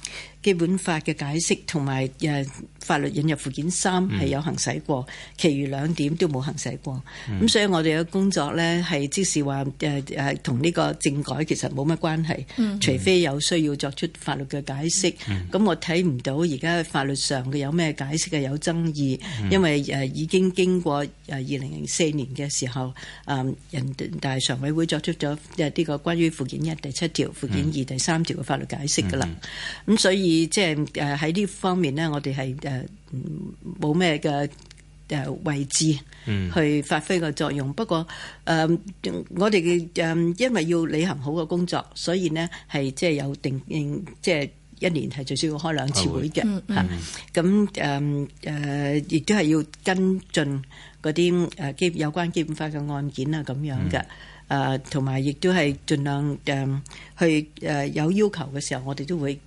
基本法嘅解釋同埋誒。法律引入附件三係有行使過，嗯、其餘兩點都冇行使過，咁、嗯、所以我哋嘅工作咧係即係話誒誒同呢個政改其實冇乜關係，嗯、除非有需要作出法律嘅解釋，咁、嗯、我睇唔到而家法律上嘅有咩解釋嘅有爭議，嗯、因為誒、呃、已經經過誒二零零四年嘅時候誒、呃、人大常委會作出咗誒呢個關於附件一第七條附件二第三條嘅法律解釋噶啦。咁、嗯嗯、所以即係誒喺呢方面咧，我哋係誒。呃誒，冇咩嘅誒位置去發揮個作用。嗯、不過誒、呃，我哋嘅誒，因為要履行好嘅工作，所以呢係即係有定應，即、就、係、是、一年係最少要開兩次會嘅吓。咁誒誒，亦、嗯嗯嗯呃、都係要跟進嗰啲誒基有關基本法嘅案件啊，咁樣嘅。誒、呃，同埋亦都係盡量誒、呃、去誒、呃、有要求嘅時候，我哋都會誒係、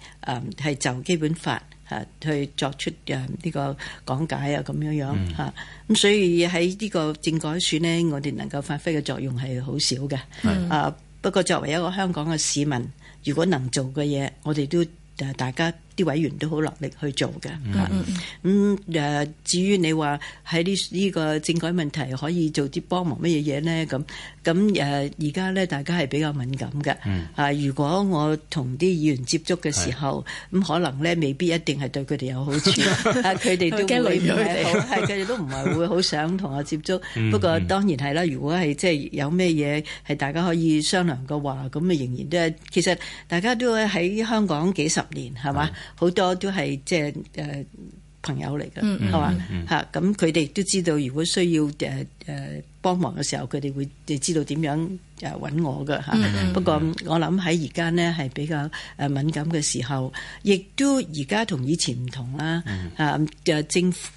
呃、就基本法。啊、去作出誒呢、啊這個講解啊咁樣樣吓。咁、啊嗯啊、所以喺呢個政改選呢，我哋能夠發揮嘅作用係好少嘅的、啊。不過作為一個香港嘅市民，如果能做嘅嘢，我哋都、啊、大家。啲委員都好落力去做嘅，咁誒、嗯嗯嗯，至於你話喺啲呢個政改問題可以做啲幫忙乜嘢嘢咧？咁咁誒，而家咧大家係比較敏感嘅。嗯、啊，如果我同啲議員接觸嘅時候，咁是、嗯、可能咧未必一定係對佢哋有好處，佢哋 都驚唔係，係，佢哋都唔係會好想同我接觸。嗯嗯、不過當然係啦，如果係即係有咩嘢係大家可以商量嘅話，咁啊仍然都係其實大家都喺香港幾十年係嘛。好多都係即係誒朋友嚟嘅，係嘛嚇？咁佢哋都知道，如果需要誒誒、呃、幫忙嘅時候，佢哋會誒知道點樣誒揾我嘅嚇。嗯、不過、嗯、我諗喺而家呢係比較誒敏感嘅時候，亦、嗯、都而家同以前唔同啦、啊、嚇。就、嗯啊、政府。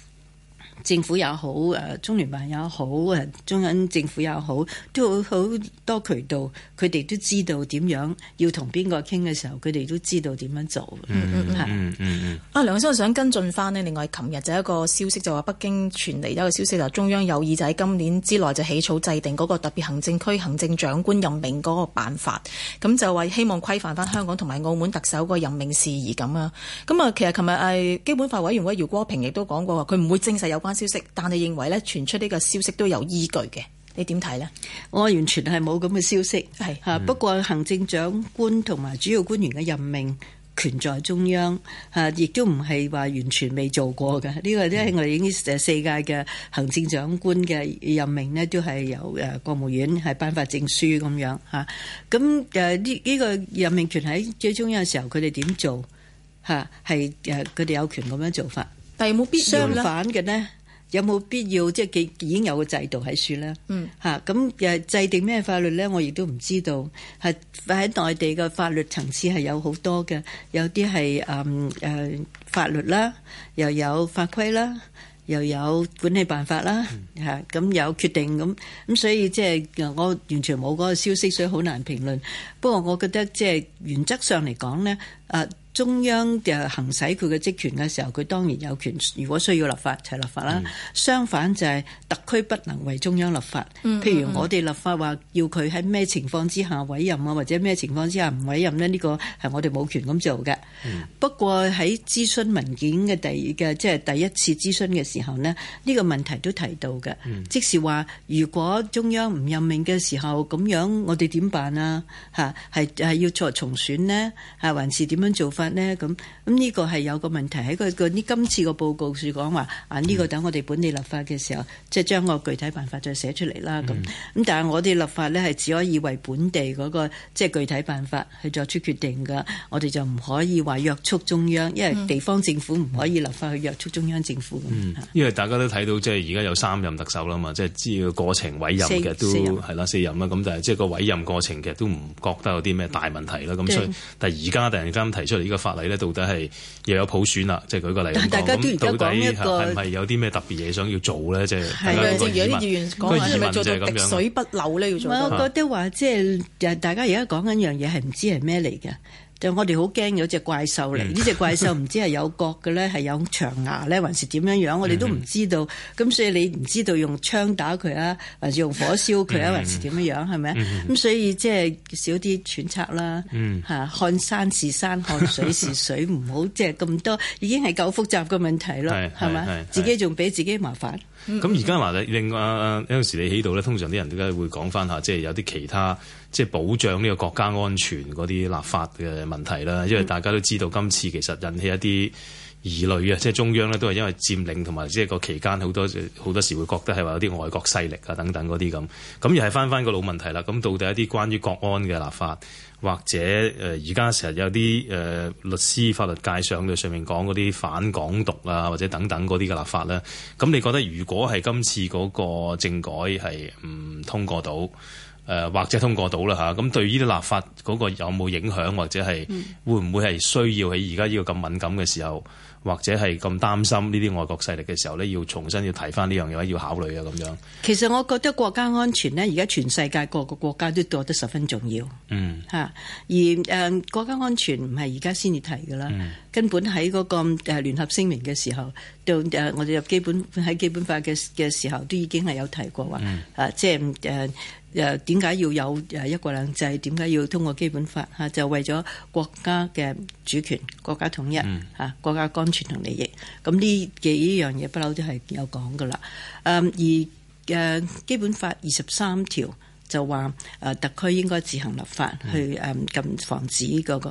政府也好，誒中聯辦也好，誒中央政府也好，都有好多渠道，佢哋都知道點樣要同邊個傾嘅時候，佢哋都知道點樣做。啊，梁生，我想跟進翻呢，另外琴日就一個消息，就話北京傳嚟一個消息，就中央有意就喺今年之內就起草制定嗰個特別行政區行政長官任命嗰個辦法，咁就話希望規範翻香港同埋澳門特首個任命事宜咁啊。咁啊，其實琴日基本法委員會姚國平亦都講過話，佢唔會證實有關消息，但係認為咧傳出呢個消息都有依據嘅，你點睇呢？我、哦、完全係冇咁嘅消息，係吓是。不過行政長官同埋主要官員嘅任、嗯、任、任命權在中央吓，亦都唔係話完全未做過噶。呢個即係我哋已經誒四屆嘅行政長官嘅任命呢都係由誒國務院係頒發證書咁樣吓。咁誒呢呢個任命權喺最中央嘅時候，佢哋點做吓？係誒佢哋有權咁樣做法，但係冇必相了反嘅呢。有冇必要，即係已已經有個制度喺處啦。嗯，嚇咁又制定咩法律咧？我亦都唔知道。係喺內地嘅法律層次係有好多嘅，有啲係誒法律啦，又有法規啦，又有管理辦法啦，嚇咁、嗯、有決定咁咁，所以即係我完全冇嗰個消息，所以好難評論。不過我覺得即係原則上嚟講咧，啊。中央就行使佢嘅職權嘅時候，佢當然有權。如果需要立法，就係、立法啦。嗯、相反就係、是、特區不能為中央立法。嗯嗯嗯譬如我哋立法話要佢喺咩情況之下委任啊，或者咩情況之下唔委任咧，呢、呢個係我哋冇權咁做嘅。嗯、不過，喺諮詢文件嘅第嘅即係第一次諮詢嘅時候咧，呢、呢個問題都提到嘅。嗯、即是話如果中央唔任命嘅時候咁樣我哋點辦啊？吓係係要再重選咧？啊還是點樣做法？咧，咁咁呢個係有個問題喺佢個呢今次個報告書講話啊，呢、這個等我哋本地立法嘅時候，即、就、係、是、將個具體辦法再寫出嚟啦咁。咁、嗯、但係我哋立法咧係只可以為本地嗰、那個即係、就是、具體辦法去作出決定噶，我哋就唔可以話約束中央，因為地方政府唔可以立法去約束中央政府。嗯，的因為大家都睇到即係而家有三任特首啦嘛，即係知要過程委任嘅都係啦，四任啦咁，但係即係個委任過程嘅都唔覺得有啲咩大問題啦。咁、嗯、所以，對但係而家突然間提出嚟。嘅法例咧，到底係又有普選啦？即係舉個例，大家講，到底係唔係有啲咩特別嘢想要做咧？即係係呀，如果啲議員講話做到滴水不漏咧，要做。我覺得話即係，係呀大家而家講緊一樣嘢係唔知係咩嚟嘅。就我哋好驚有隻怪獸嚟，呢隻怪獸唔知係有角嘅咧，係有長牙咧，還是點樣樣？我哋都唔知道，咁所以你唔知道用槍打佢啊，還是用火燒佢啊，還是點樣樣？係咪？咁所以即係少啲揣測啦，嚇看山是山，看水是水，唔好即係咁多，已經係夠複雜嘅問題咯，係咪？自己仲俾自己麻煩。咁而家話令啊啊有時你喺度咧，通常啲人點解會講翻下，即係有啲其他。即係保障呢個國家安全嗰啲立法嘅問題啦，因為大家都知道今次其實引起一啲疑慮啊，即係中央呢都係因為佔領同埋即係個期間好多好多時會覺得係話有啲外國勢力啊等等嗰啲咁，咁又係返返個老問題啦。咁到底一啲關於國安嘅立法，或者誒而家成日有啲誒、呃、律師法律界上嘅上面講嗰啲反港獨啊或者等等嗰啲嘅立法咧，咁你覺得如果係今次嗰個政改係唔通過到？誒、呃、或者通過到啦嚇，咁對於啲立法嗰個有冇影響，或者係會唔會係需要喺而家呢個咁敏感嘅時候，或者係咁擔心呢啲外國勢力嘅時候咧，要重新要提翻呢樣嘢，要考慮啊咁樣。其實我覺得國家安全咧，而家全世界各個國家都覺得十分重要。嗯吓、啊、而誒、呃、國家安全唔係而家先至提噶啦。嗯根本喺嗰個聯合聲明嘅時候，到誒我哋喺基本喺基本法嘅嘅時候，都已經係有提過話、嗯、啊，即係誒誒點解要有誒一國兩制？點解要通過基本法嚇、啊？就為咗國家嘅主權、國家統一嚇、啊、國家安全同利益。咁、啊、呢幾樣嘢不嬲都係有講噶啦。誒、啊、而誒、啊、基本法二十三條。就話誒、呃，特區應該自行立法、嗯、去誒禁、嗯、防止嗰、這個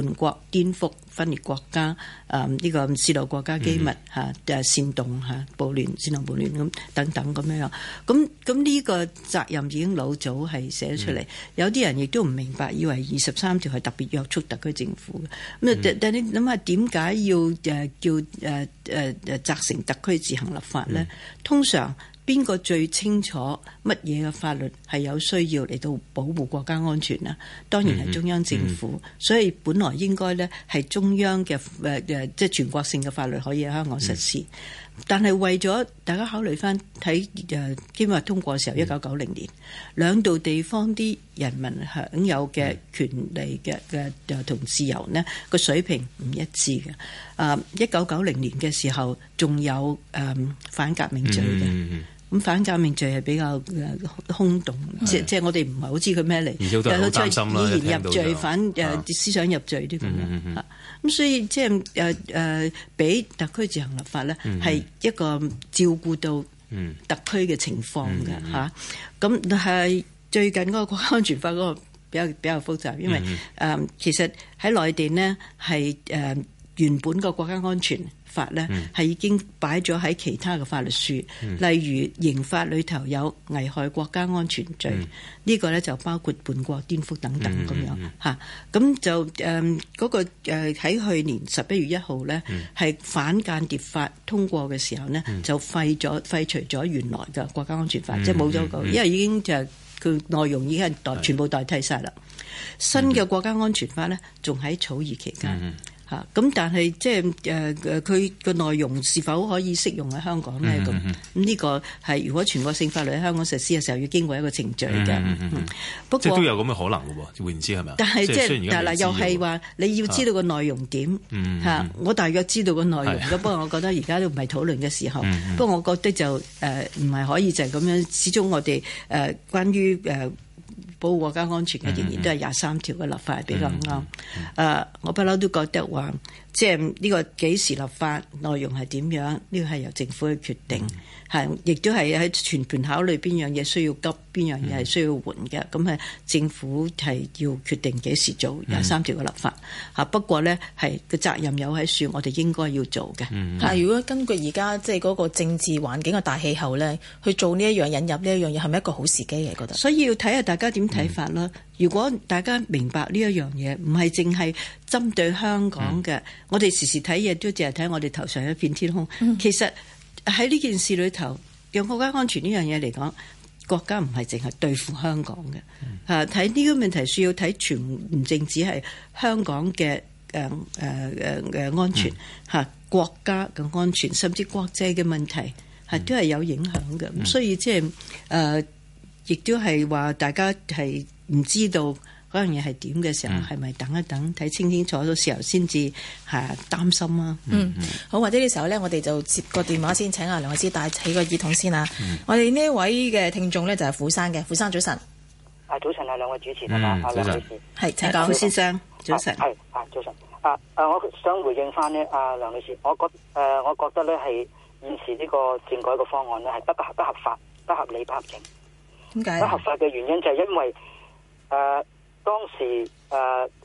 叛國顛覆分裂國家誒呢、呃這個泄露國家機密嚇誒、嗯啊、煽動嚇、啊、暴亂煽動暴亂咁等等咁樣咯。咁咁呢個責任已經老早係寫出嚟。嗯、有啲人亦都唔明白，以為二十三條係特別約束特區政府嘅。咁、嗯、但但你諗下，點解要誒叫誒誒誒責成特區自行立法咧？嗯、通常。邊個最清楚乜嘢嘅法律係有需要嚟到保護國家安全啦？當然係中央政府。嗯嗯、所以本來應該呢係中央嘅誒誒，即係全國性嘅法律可以喺香港實施。嗯、但係為咗大家考慮翻睇誒，基本法通過嘅時候，一九九零年兩度、嗯、地方啲人民享有嘅權利嘅嘅同自由呢個水平唔一致嘅。誒一九九零年嘅時候仲有誒、呃、反革命罪嘅。嗯嗯嗯嗯咁反革命罪係比較誒空洞，的即即係我哋唔係好知佢咩嚟？有啲出以前入罪，反誒思想入罪啲咁樣。咁所以即係誒誒，俾、呃、特區自行立法咧，係一個照顧到特區嘅情況嘅㗎。咁但係最近嗰個國家安、安全法嗰個比較比較複雜，嗯嗯、因為誒其實喺內地呢，係誒原本個國家安、安全。法咧係已經擺咗喺其他嘅法律書，嗯、例如刑法裏頭有危害國家安全罪，呢、嗯、個咧就包括叛國、顛覆等等咁樣嚇。咁、嗯嗯嗯啊、就誒嗰、嗯嗰個喺、呃、去年十一月一號咧係反間諜法通過嘅時候呢，嗯、就廢咗廢除咗原來嘅國家安全法，即係冇咗個，因為已經就佢內容已經係代全部代替晒啦。的嗯、新嘅國家安全法咧仲喺草擬期間。嗯嗯嗯咁、嗯、但係即係誒誒，佢、呃、個內容是否可以適用喺香港咧？咁呢、嗯嗯、個係如果全國性法律喺香港實施嘅時候，要經過一個程序嘅。嗯嗯嗯嗯、不過都有咁嘅可能嘅，會唔知係咪？但係即係嗱，又係話你要知道個內容點吓、嗯嗯嗯啊，我大約知道個內容咯。嗯嗯、不過我覺得而家都唔係討論嘅時候。嗯嗯、不過我覺得就誒唔係可以就係咁樣，始終我哋誒、呃、關於誒。呃保護國家安全嘅，仍然都係廿三條嘅立法係比較啱。誒、mm，hmm. mm hmm. uh, 我不嬲都覺得話。即係呢個幾時立法，內容係點樣？呢個係由政府去決定，係亦都係喺全盤考慮邊樣嘢需要急，邊樣嘢係需要緩嘅。咁誒、嗯，係政府係要決定幾時做廿三條嘅立法。嚇、嗯，不過呢，係個責任有喺度，我哋應該要做嘅。係、嗯、如果根據而家即係嗰個政治環境嘅大氣候呢，去做呢一樣引入呢一樣嘢，係咪一個好時機嚟？覺得？所以要睇下大家點睇法咯。嗯如果大家明白呢一樣嘢，唔係淨係針對香港嘅。嗯、我哋時時睇嘢都淨係睇我哋頭上一片天空。嗯、其實喺呢件事裏頭用國家安全呢樣嘢嚟講，國家唔係淨係對付香港嘅嚇。睇呢個問題需要睇全，唔淨止係香港嘅誒誒誒嘅安全吓、嗯啊、國家嘅安全甚至國際嘅問題，係、啊、都係有影響嘅。咁、嗯、所以即係誒亦都係話大家係。唔知道嗰樣嘢係點嘅時候，係咪、嗯、等一等睇清清楚到時候先至嚇擔心啊？嗯好或者呢時候咧，我哋就接個電話先請阿梁老師戴起個耳筒先啦、啊。嗯、我哋呢位嘅聽眾咧就係、是、富生嘅富生請，早晨。啊，早晨啊，兩位主持啊，阿梁女士，係陳景祥先生，早晨，係早晨啊啊，我想回應翻呢。阿、啊、梁女士，我覺誒、啊，我覺得咧係現時呢個政改嘅方案咧係不合不合法、不合理、不合情。點解？不合，不合法嘅原因就係因為，誒、呃，當時誒誒、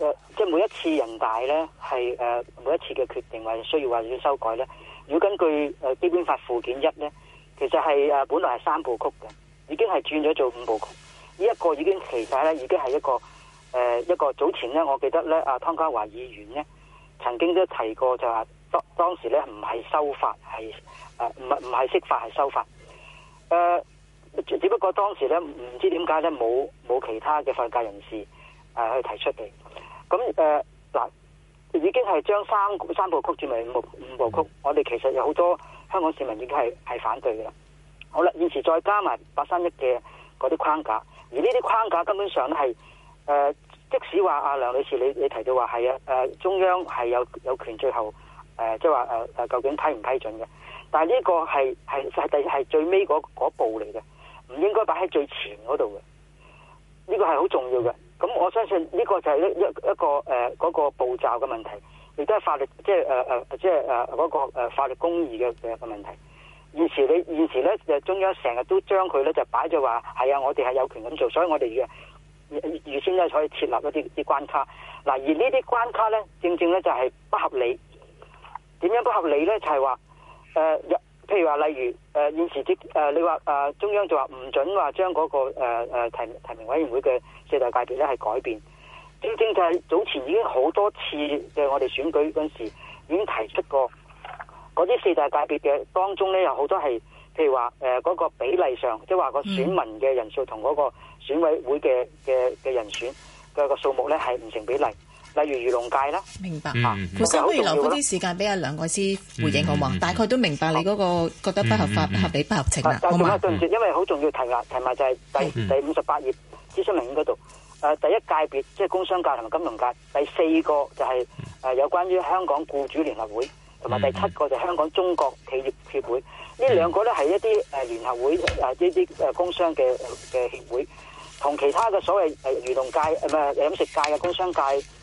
呃，即係每一次人大咧，係誒、呃、每一次嘅決定，或話需要話要修改咧。如果根據誒基本法附件一咧，其實係誒本來係三部曲嘅，已經係轉咗做五部曲。呢、這、一個已經其實咧，已經係一個誒、呃、一個早前咧，我記得咧，阿湯家驊議員咧曾經都提過就，就話當當時咧唔係修法，係誒唔係唔係釋法，係修法。誒、呃。只不過當時咧，唔知點解咧，冇冇其他嘅法界人士誒、呃、去提出嚟。咁誒嗱，已經係將三三部曲轉為五五部曲。我哋其實有好多香港市民已經係係反對嘅喇。好啦，現時再加埋八三一嘅嗰啲框架，而呢啲框架根本上咧係誒，即使話阿梁女士你你提到話係啊誒，中央係有有權最後誒、呃，即係話誒誒，究竟批唔批准嘅？但係呢個係係係第係最尾嗰嗰步嚟嘅。唔應該擺喺最前嗰度嘅，呢個係好重要嘅。咁我相信呢個就係一一一個誒個步驟嘅問題，亦都係法律即係誒誒即係誒嗰個誒法律公義嘅嘅一個問題。現時你現時咧，誒中央成日都將佢咧就擺咗話係啊，我哋係有權咁做，所以我哋嘅預先咧可以設立一啲啲關卡。嗱，而呢啲關卡咧，正正咧就係不合理。點樣不合理咧？就係話誒入。譬如話，例如誒、呃、現時即誒，你話誒中央就話唔準話將嗰、那個誒、呃、提名提名委員會嘅四大界別咧係改變。正正就係早前已經好多次嘅、就是、我哋選舉嗰時已經提出過，嗰啲四大界別嘅當中咧有好多係譬如話誒嗰個比例上，即係話個選民嘅人數同嗰個選委會嘅嘅嘅人選嘅個數目咧係唔成比例。例如漁農界啦，明白嚇。胡生、啊，未來嗰啲時間俾阿梁愛詩回應我嘛，嗯嗯嗯、大概都明白你嗰個覺得不合法、不、啊、合理、不合情啦。嗯嗯、嗎對問對唔住，因為好重要提啊提埋就係第第五十八頁諮詢名義嗰度。第一界別即係、就是、工商界同埋金融界，第四個就係、是啊、有關於香港僱主聯合會，同埋第七個就係香港中國企業協會。呢兩個咧係一啲誒聯合會一啲誒工商嘅嘅協會，同其他嘅所謂誒、啊、漁農界、啊、飲食界嘅工商界。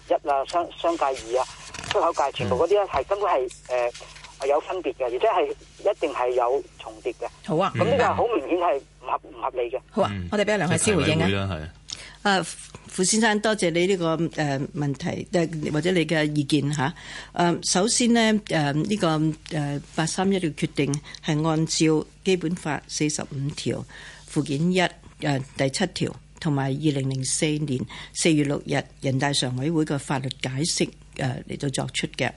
一啊，商商界二啊，出口界，全部嗰啲咧係根本係誒有分別嘅，而且係一定係有重疊嘅。好啊，咁呢個好明顯係唔合唔合理嘅。好啊，我哋俾阿梁愛詩回應啊。誒，傅先生，多謝你呢個誒問題，誒或者你嘅意見吓。誒，首先咧誒呢個誒八三一嘅決定係按照基本法四十五條附件一誒第七條。同埋二零零四年四月六日人大常委會嘅法律解釋誒嚟到作出嘅。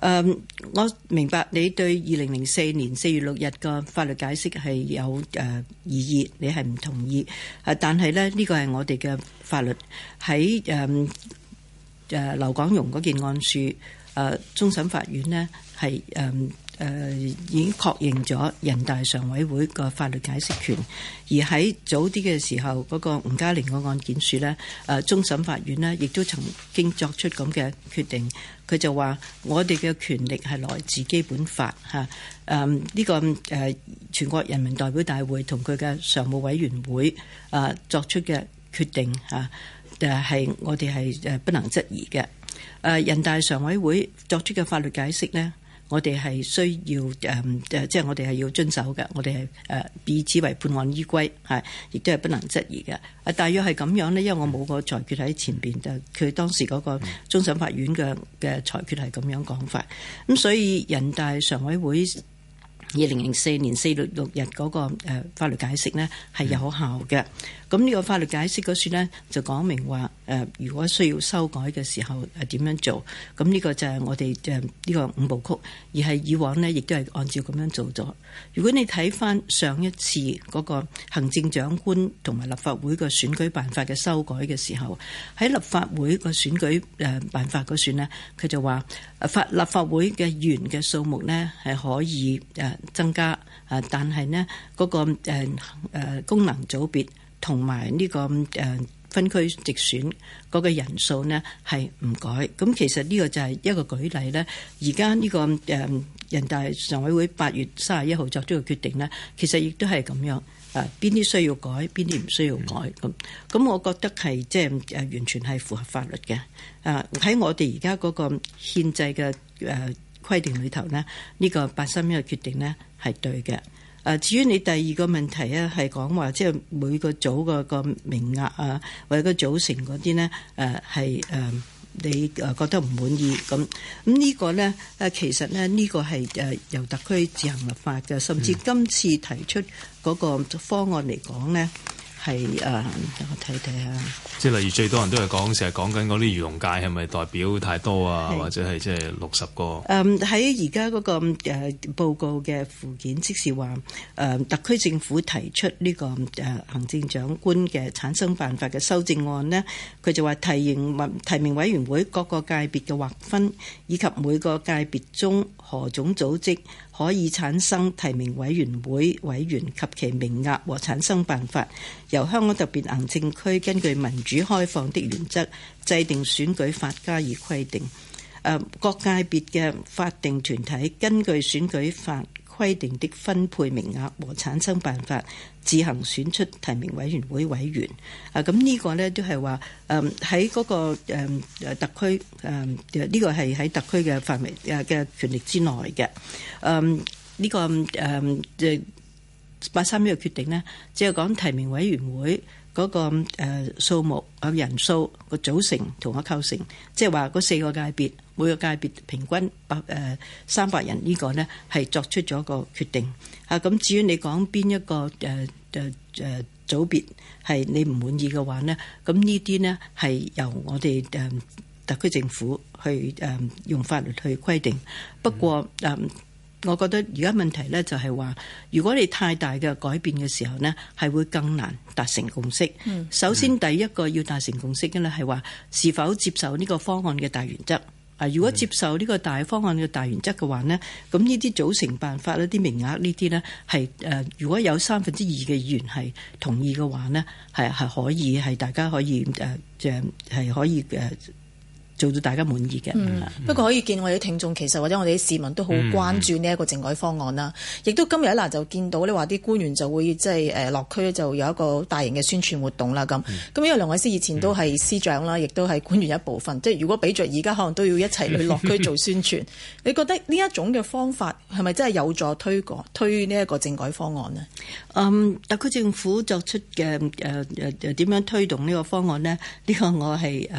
誒，我明白你對二零零四年四月六日嘅法律解釋係有誒異議，你係唔同意。誒，但係咧呢個係我哋嘅法律喺誒誒劉港榕嗰件案處誒，啊、終審法院呢，係誒。嗯誒已經確認咗人大常委會個法律解釋權，而喺早啲嘅時候，嗰、那個吳嘉玲個案件書呢，誒終審法院呢亦都曾經作出咁嘅決定，佢就話我哋嘅權力係來自基本法嚇，誒、這、呢個誒全國人民代表大會同佢嘅常務委員會啊作出嘅決定嚇，誒係我哋係誒不能質疑嘅，誒人大常委會作出嘅法律解釋呢。我哋係需要誒誒、呃，即係我哋係要遵守嘅，我哋係誒以此為判案依歸，係亦都係不能質疑嘅。啊，大約係咁樣咧，因為我冇個裁決喺前邊，誒，佢當時嗰個終審法院嘅嘅裁決係咁樣講法，咁所以人大常委會二零零四年四月六日嗰個法律解釋呢係有效嘅。嗯咁呢個法律解釋嗰時呢，就講明話誒，如果需要修改嘅時候係點樣做？咁呢個就係我哋誒呢個五部曲，而係以往呢，亦都係按照咁樣做咗。如果你睇翻上一次嗰個行政長官同埋立法會嘅選舉辦法嘅修改嘅時候，喺立法會個選舉誒辦法嗰時呢，佢就話誒法立法會嘅員嘅數目呢係可以誒增加，誒但係呢嗰、嗰個誒、呃、功能組別。同埋呢個誒分區直選嗰個人數呢，係唔改，咁其實呢個就係一個舉例呢。而家呢個誒人大常委會八月三十一號作出嘅決定呢，其實亦都係咁樣。誒邊啲需要改，邊啲唔需要改咁。咁的我覺得係即係誒完全係符合法律嘅。誒喺我哋而家嗰個憲制嘅誒規定裏頭呢，呢、呢個八三一嘅決定呢，係對嘅。誒，至於你第二個問題啊，係講話即係每個組個名額啊，或者個組成嗰啲呢，誒係你誒覺得唔滿意咁咁呢個呢，其實呢個係誒由特區自行立法嘅，甚至今次提出嗰個方案嚟講呢。係誒，等我睇睇下。即係例如最多人都係講，成日講緊嗰啲漁農界係咪代表太多啊？或者係即係六十個。誒，喺而家嗰個誒報告嘅附件，即是話誒特區政府提出呢個誒行政長官嘅產生辦法嘅修正案呢，佢就話提名委提名委員會各個界別嘅劃分，以及每個界別中何種組織。可以產生提名委員會委員及其名額和產生辦法，由香港特別行政區根據民主開放的原則制定選舉法加以規定。各界別嘅法定團體根據選舉法，規定的分配名額和產生辦法，自行選出提名委員會委員。啊，咁、呢、呢個呢，都係話，嗯，喺嗰、嗰個誒、嗯、特區誒，呢、嗯呢個係喺特區嘅範圍誒嘅權力之內嘅。嗯，呢、呢個誒八三一決定呢，只係講提名委員會嗰、嗰個誒數、呃、目、個人數、個組成同個構成，即係話嗰四個界別。每個界別平均百誒三百人，呢個咧係作出咗個決定嚇。咁至於你講邊一個誒誒誒組別係你唔滿意嘅話咧，咁呢啲咧係由我哋誒特區政府去誒用法律去規定。不過誒，我覺得而家問題咧就係話，如果你太大嘅改變嘅時候咧，係會更難達成共識。首先第一個要達成共識嘅咧係話是否接受呢個方案嘅大原則。嗱，如果接受呢個大方案嘅大原則嘅話，呢，咁呢啲組成辦法，呢啲名額呢啲呢，係誒如果有三分之二嘅議員係同意嘅話，呢，係係可以係大家可以誒即係可以誒。做到大家滿意嘅。嗯、吧不過可以見，我哋啲聽眾其實或者我哋啲市民都好關注呢一個政改方案啦。亦、嗯、都今日一嚟就見到咧，你話啲官員就會即係誒落區就有一個大型嘅宣傳活動啦。咁咁，因為梁愛詩以前都係司長啦，亦、嗯、都係官員一部分。嗯、即係如果比着而家，可能都要一齊去落區做宣傳。嗯、你覺得呢一種嘅方法係咪真係有助推廣推呢一個政改方案呢？嗯、特區政府作出嘅誒誒點樣推動呢個方案呢？呢、這個我係誒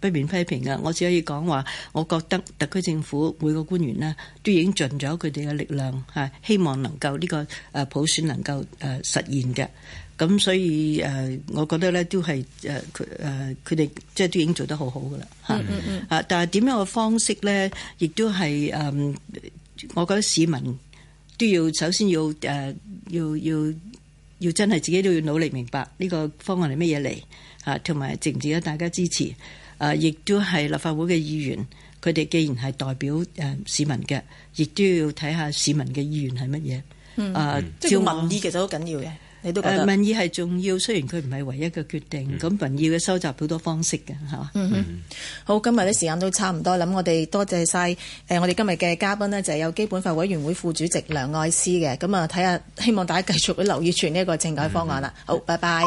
不免批評嘅。我只可以講話，我覺得特區政府每個官員呢，都已經盡咗佢哋嘅力量，吓，希望能夠呢個誒普選能夠誒實現嘅。咁所以誒，我覺得呢都係誒佢誒佢哋即係都已經做得好好噶啦。吓、嗯嗯嗯，但係點樣嘅方式呢，亦都係誒，我覺得市民都要首先要誒，要要要，要真係自己都要努力明白呢個方案係乜嘢嚟，吓，同埋值唔值得大家支持。誒，亦、呃、都係立法會嘅議員，佢哋既然係代表、呃、市民嘅，亦都要睇下市民嘅意願係乜嘢。嗯，誒、呃，叫民意其實好緊要嘅，你都覺、呃、民意係重要，雖然佢唔係唯一嘅決定。咁、嗯、民意嘅收集好多方式嘅，嗯、嗯，好，今日啲時間都差唔多，諗我哋多謝晒我哋今日嘅嘉賓呢就係有基本法委員會副主席梁愛詩嘅。咁啊，睇下希望大家繼續留意全呢一個政改方案啦。好，嗯、拜拜。